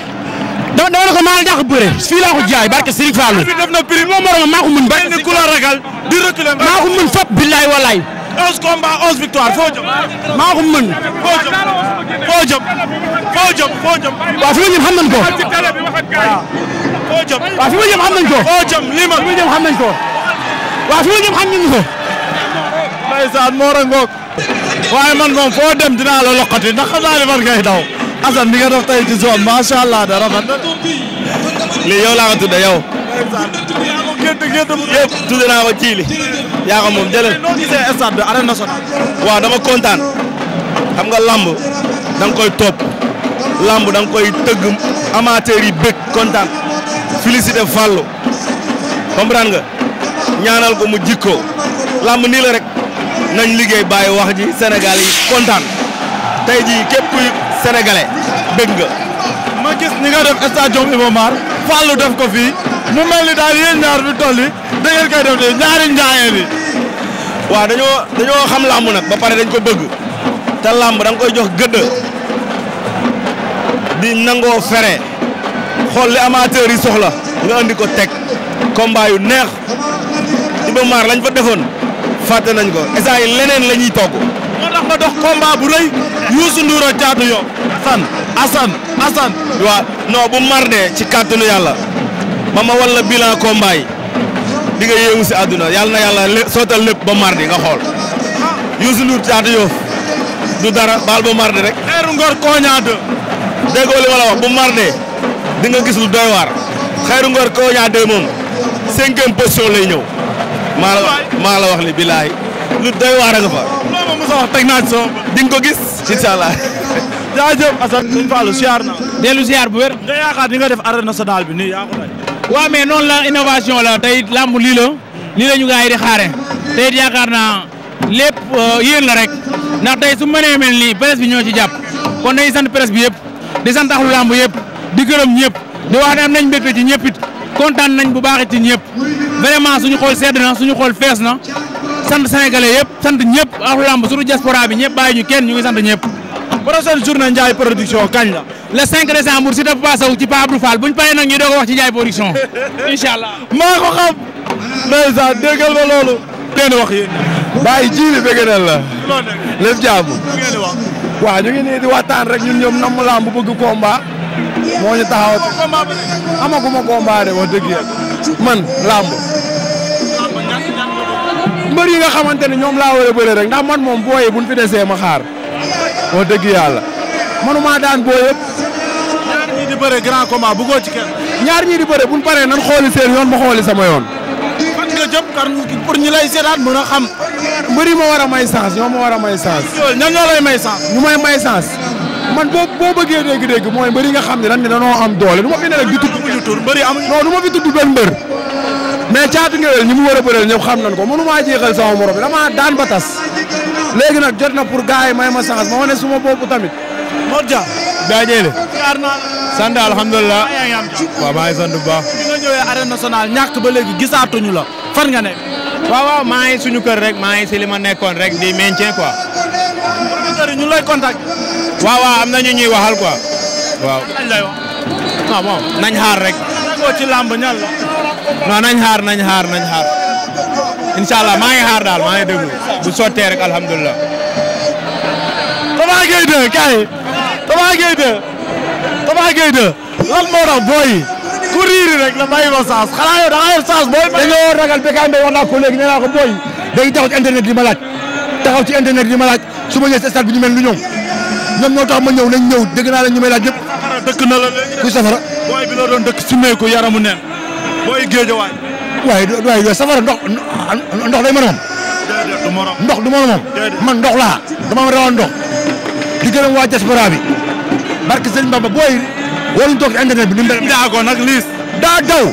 dama dama ne ko maa la dàq bëre fii laa ko jaay barke Serigne Fallou. def na prix moom moo maa ko mën barke Serigne ku la ragal di reculer maa ko mën fop billaay walaay. 11 combats 11 victoire foo jëm. maa ko mën. foo jëm foo jëm foo jëm foo jëm. waaw fi ma jëm xam nañ ko. waaw. foo jëm waaw fi ma jëm xam nañ ko. foo jëm lii ma fi ma jëm xam nañ ko. waaw fi ma jëm xam nañu ko. ndeysaan Mor waaye man moom foo dem dinaa la loqati ndax xam naa ne man ngay daw. Assane ni nga def tey ci zone macha allah da rafet na. lii yow laa ko tuddee yow. yëpp tuddee naa ko Thiely. yaa ko moom jëlee. noo gisee stade bi arène nationale. waaw dama kontaan. xam nga lamb da koy topp. lamb da nga koy tëgg amateur yi bëgg kontaan. félicité Fallou comprendre nga. ñaanal ko mu jikko làmb nii la rek nañ liggéey bàyyi wax ji senegal yi kontaan tey jii képp kuy sénégalais bëgg nga. ma gis ni nga def stade Iba Mar def ko fii mu mel ni daal yéen ñaar bi toll yi da koy def de ñaari njaayeen yi. waaw dañoo dañoo xam làmb nag ba pare dañ ko bëgg te làmb da koy jox gëdd di nangoo fere xool li amateur yi soxla nga andi ko teg combat neex Iba Mar lañ fa defoon fàtte nañ ko instant yi leneen la ñuy moo tax nga dox combat bu rëy Youssou Ndour ak Thiatou Yoff Assane Assane Assane. waaw bu mar dee ci kàttanu yàlla ba ma walla bilan combat yi yéemu si àdduna yàlla na yàlla lé sootal lépp ba mar di nga xool Youssou Ndour Thiatou Yoff du dara baal ba mar di rek. xeeru ngor koña de. déggoo li ma la wax bu mar dee di gis lu doy waar xeeru ngor koña de moom cinquième position lay ñëw. maa la la wax li bilaay lu doy waar nga fa. moom Moussa wax teg naa ci ko gis. incha allah. <laughs> jaajëf Assane suñu Fallou siyaar na. dellu siyaar bu wér. nga yaakaar di nga def arène nationale bi ni yaa ko lay. waaw la innovation làmb lii la di xaare tey it yaakaar naa lépp euh, yéen la rek ndax tey su mënee mel nii presse bi ñoo ci jàpp kon dañuy sant presse bi yëpp di sant axlu làmb yëpp di gërëm ñëpp di wax ne nañ mbégte ci ñëpp kontaan nañ bu baax ci ñëpp vraiment suñu xool sedd na suñu xool fees na sant sénégalais yëpp sant ñëpp ak lamb surtout diaspora bi ñëpp bàyyi ñu kenn ñu ngi sant ñëpp. prochaine journée Ndiaye production kañ la. le 5 décembre si dafa passé ci Pa Abdou Fall buñ paree nag ñu doog a wax ci Ndiaye production <laughs> incha allah. maa ko xam. ndeysaan déggal nga loolu. leen wax yi. bàyyi jiili bëgg na la. lépp jàmm. waaw ñu ngi nii di waxtaan rek ñun ñoom namm lamb bëgg combat. moo ñu taxaw amaguma combat de wax dëgg yàlla man lamb. mbër yi nga xamante ne ñoom laa war a bëre rek ndax man moom booy buñ fi desee ma xaar wax dëgg yàlla manuma daan booy yëpp. ñaar ñii di bëre grand combat ñaar ñii di bëre buñ paree nan xooli seen yoon ma xooli sama yoon. fan nga jëm kan pour ñi lay seetaat mën a xam. mbër yi ma war a may chance ñoom ma war may chance. ñan ñoo lay may chance. ñu may may chance. man boo boo bëggee dégg-dégg mooy mbër yi nga xam ne dañ ne dañoo am doole du ma fi ne rek di tudd. amuñu tur mbër mais caatu ngewel ñi mu war a bëreel ñëpp xam nañ ko mënumaa jeexal sama morom dama daan ba tas léegi nag jot na pour gars yi may ma chance ma wane suma bopp tamit. Mor Dia. jaajële. yaar naa la. sant alhamdulilah. waaw maa ngi sant bu baax. bi nga ñëwee arène nationale ñàkk ba léegi gisaatuñu la fan nga nekk. waaw waaw maa ngi suñu kër rek maa ngi si li ma nekkoon rek di maintien quoi. ñu ngi lay contact. waaw waaw am na ñu ñuy waxal quoi. waaw. lan lay wax. non ah, bon nañ xaar rek. ci non nañ xaar nañ xaar nañ xaar incha maa ngi xaar daal maa ngi déglu bu sottee rek alhamdulilah. Tapha Gueye 2 kay Tapha Gueye 2 Tapha booy yi ku riiri rek la may ma saas xanaa yow da nga yor saas booy. dañoo ragal béykat bi wax naa ko léegi nee naa ko booy dañuy taxaw ci internet yi ma laaj taxaw ci internet yi ma laaj su ma ñëwee si stade bi ñu mel ni ñoom ñoom ñoo tax ma ñëw nañ ñëw dëgg naa la ñu may laaj yëpp. dëkk na la léegi. kuy safara. booy bi la doon dëkk sumeeku yaramu neen. booy géejawaay. waaye waaye safara ndox ndox day mën ndox du morom man ndox laa dama rawan ndox. di gërëm waa diaspora bi. barke sëñ Bamba booy. waruñ toog internet bi ni mu mel. daago nag daa daw.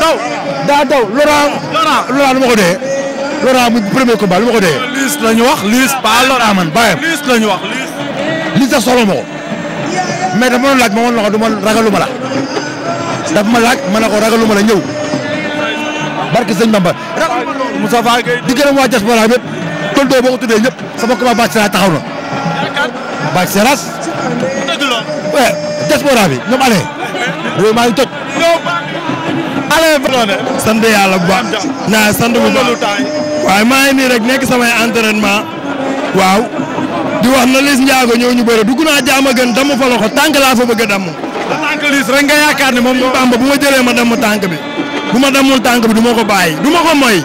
daw daa daw Laurent. Laurent Laurent lu ma ko dee. premier ko dee. liis la ñu wax liis. pas ah, Laurent man bàyyam liis la ñu wax liis. liis sax laaj ma woon na ko du ma la. daf ma laaj ma ne ko ragaluma la ñëw barke sëñ Bamba. ragaluma loolu Moussa Faye Gueye di gërëm waa diaspora yëpp tontoo boo ko tuddee ñëpp sama ko Bathie Seras taxaw na. Bathie Seras. dëgg la. diaspora bi ñoom Allé. réew maa ngi toj. Allé. sant yàlla bu baax. naa sant bu baax. waaye maa ngi nii rek nekk samay waaw. di wax na Liss Ndiago ñëw ñu bëre dugg naa jaama gën damm fa loxo tànk fa bëgg a tànk liis rek nga yaakaar ne moom nga bàmba bu ma jëlee ma damm tànk bi bu ma dem dammul tànk bi du ma ko bàyyi du ma ko moy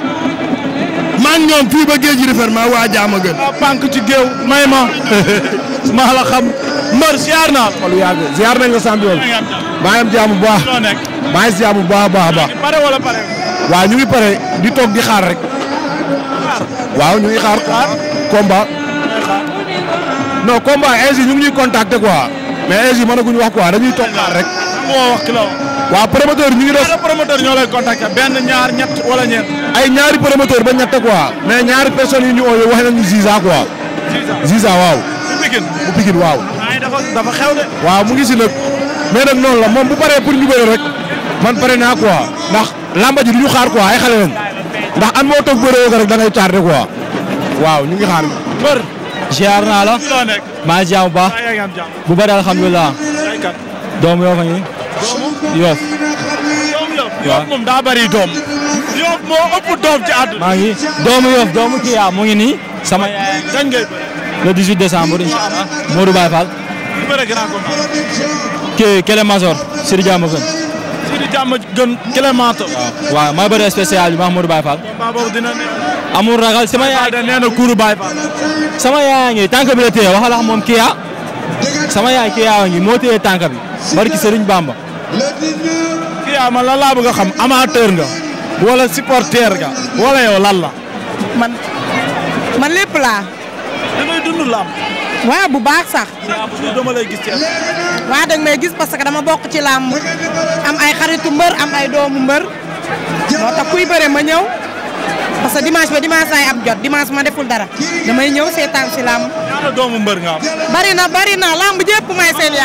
maa ngi ñoom fii ba géej gi referment waa jaama gën pànk ci géew may ma <laughs> maa la xam mbër ziar naa xolu yàgg ziar na nga champion maa ngi am jaam bu baax maa ngi jaam bu baax baax baax pare wala pare waaw ñu ngi pare di toog di xaar rek waaw ñu ngi xaar combat non combat ainsi ñuy contacter quoi mais AJ mënaguñu wax quoi dañuy toog xaar rek. moo wax ki la wax. waa ñu ngi des. ñoo lay contacter benn ñaar ñett wala ñeent. ay ñaari promoteur ba ñett quoi. mais ñaari personnes yi ñu oo wax nañu Ziza quoi. Ziza waaw. waaw. waaye dafa waaw mu ngi si nag. mais nag noonu la moom bu paree pour ñu bëre rek. man pare naa quoi ndax lamba ji du ñu xaar quoi ay xale lañ ndax an moo toog bëree ko rek da ngay tardé quoi. waaw ñu ngi xaar. mbër. ziar naa la. maa ngi jàmm bu baax bu doomu yoo moom daa bëri doom. yoo moo ëpp doom ci doomu yoo doomu kii mu ngi nii. sama yaay kañ ngay le 18 décembre incha allah Modou Baye Fall. bu bëree grand combat. kii gën. Sidi Diamb gën maa ngi bëri spécial bi maa Modou amul ragal sama yaay da nee na baay fa sama yaay ngi tànk bi la téye waxal ak moom kiya sama yaay kiya ngi moo téye tànk bi barki Serigne Bamba kiya man lan laa bëgg xam amateur nga wala supporter nga wala yow lan la man lépp laa damay bu baax sax dama lay gis danga may gis parce que dama bokk ci làmb am ay xaritu mbër am ay doomu mbër moo tax kuy bëre ma ñëw parce que dimanche ba dimanche ay am jot dimanche ma deful dara damay ñëw seetaan si làmb. ñaata doomu mbër na bari na làmb yëpp may seen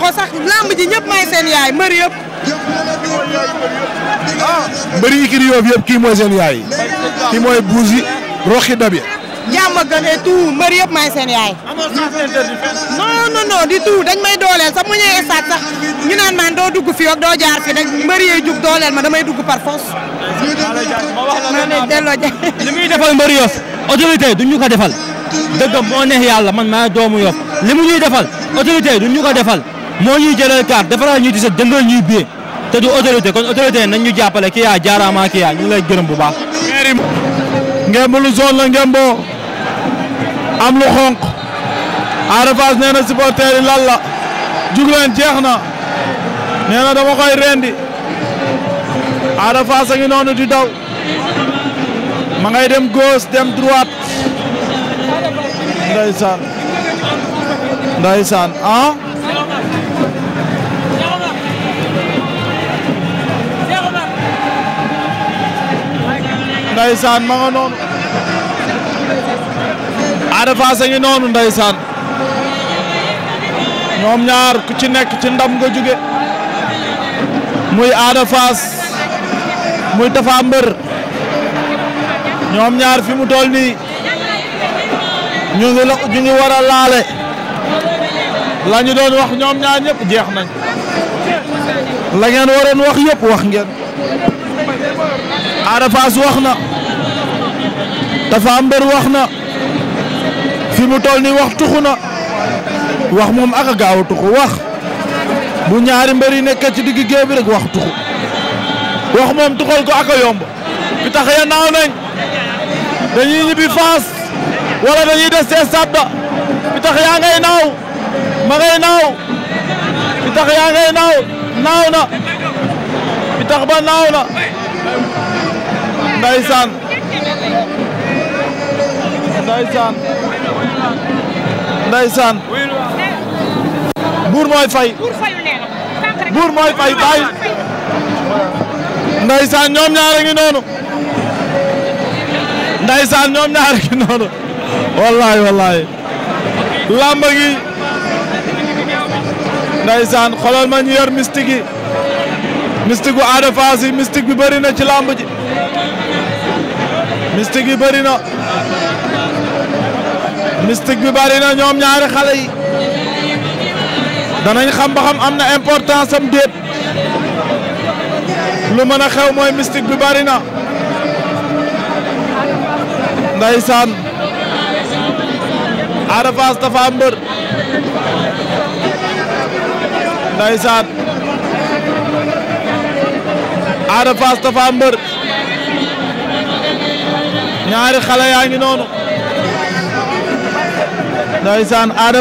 oh, ji ñëpp may yaay mbër yëpp. Ah, mbër yi kii yooyu yëpp kii yaay. kii mooy buus yi roxi jàmm ak gën et tout mbër yëpp maay seen yaay. non non non di tout dañ may dooleel sax mu ñëwee stade sax ñu naan man doo dugg fii doo jaar fii rek mbër yee jug dooleel ma damay dugg par force. maa ngi delloo ja <laughs> li muy defal mbër Yoff autorité du ñu ko defal dëgg moo neex yàlla man maa doomu Yoff li mu ñuy defal autorité du ñu ko defal moo ñuy jëlal carte defaral ñuy di sa jëndal ñuy biyee te du autorité kon autorité nañ ñu jàppale kii yaa jaaraama kii yaa ñu lay gërëm bu baax. la ngeen am lu xonq Ada Fass nee na supporter jeex na nee na dama koy rendi Ada a ngi noonu di daw ma ngay dem gauche dem droite ndeysaan ndeysaan ah ndeysaan ma nga noonu Ada Fass a ngi noonu ndeysaan ñoom ñaar ku ci nekk ci ndam nga jóge muy Ada Fass muy Tapha Mbeur ñoom ñaar fi mu toll nii ñu ngi la war a laale la ñu doon wax ñoom ñaar ñëpp jeex nañ la ngeen waroon wax yëpp wax ngeen Ada wax na Tapha wax na fi mu toll ni wax tuxu na wax moom ak gaaw tuxu wax bu ñaari mbër yi nekk ci digg géew bi rek wax tuxu wax moom tuxal ko ak a yomb bi tax ya naaw nañ dañuy ñibbi faas wala dañuy des ci stade ba bi ngay naaw ma ngay naaw bi tax ngay naaw naaw na bi ba naaw na ndaysaan ndeysaan buur mooy fay buur mooy fay baay ndeysaan ñoom ñaar a ngi noonu ndeysaan ñoom ñaar a ngi noonu wallaay wallaay làmb gi ndeysaan xoolal ma ñu yor mystique yi Ada Fass yi bi bëri na ci làmb ji mystique yi bëri na mystique bi bari na ñoom ñaari xale yi danañ xam am na importance am déet lu mën a xew mooy mystique bi bari na ndaysaan Ada Fass Tapha Mbeur ndaysaan Ada ñaari xale yaa ngi noonu ndeysaan aada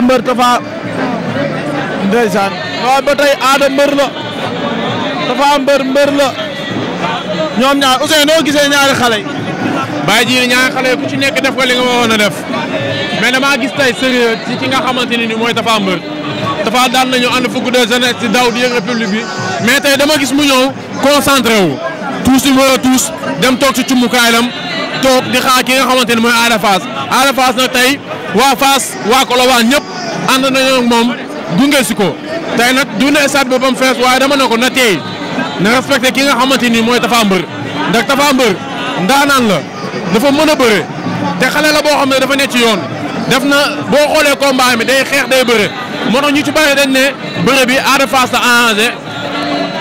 waaw ba tey aada mbër la tafa mbër mbër la ñoom ñaar Ousseynou noo gisee ñaari xale yi. bàyyi ji ñaari xale ku ci nekk def ko li nga waroon def mais damaa gis tey sérieux ci ki nga xamante ne ni mooy tafa mbër tafa daan nañu ànd fukk de jeunesse ci daw di yëg république bi mais tey dama gis mu ñëw concentré wu tuus li mu war a tuus dem toog ci cumbukaayam toog di xaar ki nga xamante ne mooy Ada Fass Ada Fass nag tey. waa Fass waa Colobane ñëpp ànd nañoo moom gunge si ko tey nag du ne stade bi ba mu fees waaye dama ne ko na teey na respecté ki nga xamante ni mooy Tapha Mbeur ndax Tapha Mbeur ndaanaan la dafa mën a bëre te xale la boo xam ne dafa ne ci yoon def na boo xoolee combat mi day xeex day bëre moo tax ñu ci bari dañ ne bëre bi Ada Fass la arrangé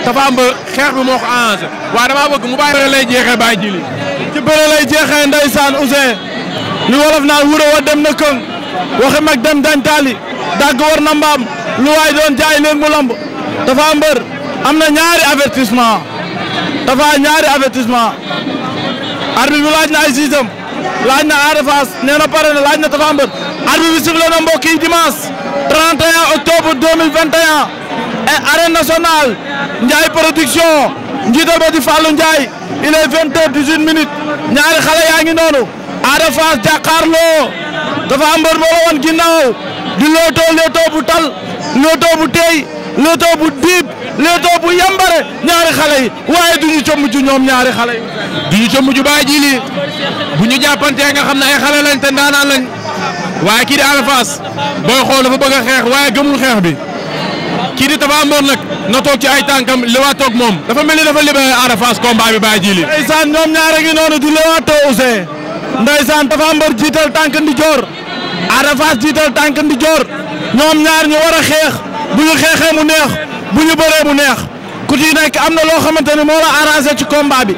Tapha Mbeur xeex bi moo ko arrangé waaye damaa bëgg mu bàyyi bëre lay jeexee bàyyi jili ci bëre lay jeexee ndeysaan Ousseyn li wolof naan wuro wa dem na këng waxi mag dem dantaali dàgg war na mbaam lu waay doon jaay leen mu lamb Tapha am na ñaari avertissement Tapha ñaari avertissement arbitre bi laaj na ay siisam laaj na Ada Fass nee na pare na laaj na Tapha Mbeur arbitre bi sifflé na mbokk yi dimanche 31 octobre 2021 et arène nationale Ndiaye ñaari xale yaa ngi noonu Ada Fass jàkkaarloo dafa am mbër moo la woon ginnaaw di lootoo lootoo bu tal lootoo bu tey lootoo bu diib lootoo bu yambare ñaari xale yi waaye du ñu ca mujj ñoom ñaari xale yi. du ñu ca mujj bàyyi ji lii bu ñu jàppantee nga xam ne ay xale lañ te ndaanaan lañ waaye kii di Ada Fass booy xool dafa bëgg a xeex waaye gëmul xeex bi kii di Tapha Mbeur nag na toog ci ay tànkam toog moom dafa mel ni dafa libéré Ada Fass combat bi bàyyi ji lii. ñoom ñaare ndeysaan Tapha Mbeur jiital tànk ndi joor Ada Fass jiital tànk ndi joor ñoom ñaar ñu war xeex bu ñu xeexee mu neex bu ñu bëree mu neex ku ci nekk am na loo xamante ni moo la ci combat bi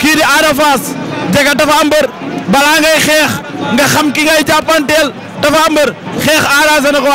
kii di Ada Fass jege Tapha Mbeur balaa ngay xeex nga xam ki ngay jàppanteel Tapha Mbeur xeex arrangé na ko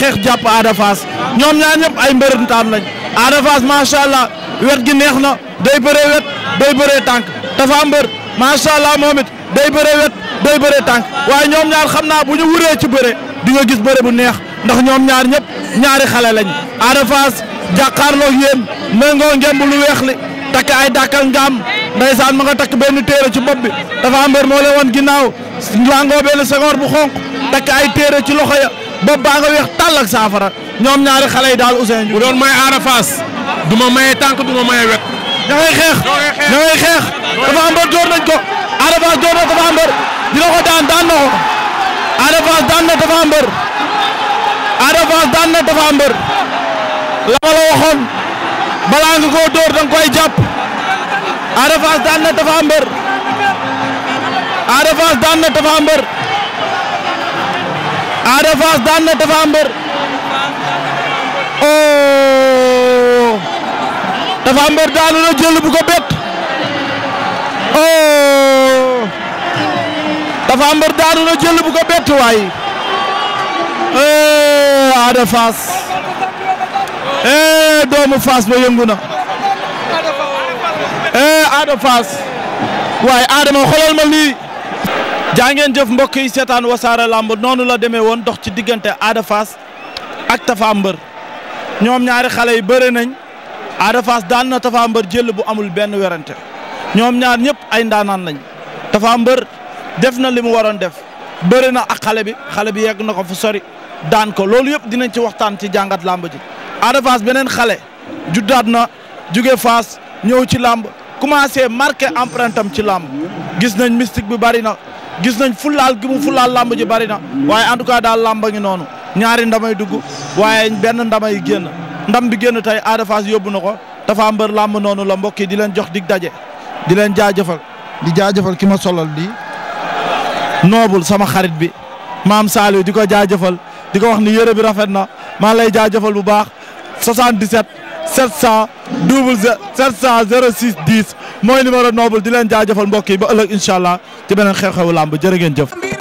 xeex jàpp Ada Fass ñoom ñaar ñëpp ay mbërëntaan lañ Ada Fass macha allah wet gi neex na day bëree wet day bëree tànk Tapha Mbeur macha allah moom day bëre wet day bëre tànk waaye ñoom ñaar xam naa bu ñu wuree ci bëre di nga gis bëre bu neex ndax ñoom ñaar ñëpp ñaari xale lañ Ada Fass jàkkaarloog yéen méngoo ngemb lu weex li takk ay dàkkal ngaam ndaysaan ma nga takk benn téere ci bopp bi dafa mbër moo leen woon ginnaaw langoo benn sengoor bu xonq takk ay téere ci loxo ya bopp baa nga weex tàll ak saafara ñoom ñaari xale yi daal Ousseynou bu doon may Ada Fass du ma maye tànk du ma maye wet ña Ada Fass doon na Tapha Mbeur dina ko daan daan na ko Ada jàpp Ada Fass daan na Tapha Mbeur Ada Fass daan na Tapha Mbeur oh dafa mbër daanu na jël bu ko bett waay eh Ada Fass eh doomu Fass ba yëngu na eh Ada Fass waaye Adama xoolal ma lii. jaa ngeen jëf mbokk yi seetaan wasaare lamb noonu la demee woon dox ci diggante Ada Fass ak Tapha Mbeur ñoom ñaari xale yi bëre nañ Ada Fass daan na Tapha Mbeur jël bu amul benn werante. ñoom ñaar ñëpp ay ndaanaan lañ Tapha Mbeur def na li mu waroon def bëri na ak xale bi xale bi yegg na ko fu sori daan ko loolu yëpp dinañ ci waxtaan ci jàngat làmb ji. Ada beneen xale ju juddaat na jóge Fass ñëw ci làmb commencé marqué empreinte am ci làmb gis nañ mystique bi bari na gis nañ fulaal gi mu fulaal làmb ji bëri na waaye en tout cas daal làmb ngi noonu ñaari ndamay dugg waaye benn ndamay génn ndam bi génn tey Ada Fass yóbbu na ko Tapha Mbeur làmb noonu la mbokk yi di jox dig daje. di leen jaajëfal di jaajëfal ki ma solal di noobul sama xarit bi maam Saliou di ko jaajëfal di ko wax ni yére bi rafet na maa lay jaajëfal bu baax 77 700 00 700 06 10 mooy numéro noobul di leen jaajëfal mbokk yi ba ëllëg incha allah ci beneen xew-xewu làmb jërë ngeen jëf.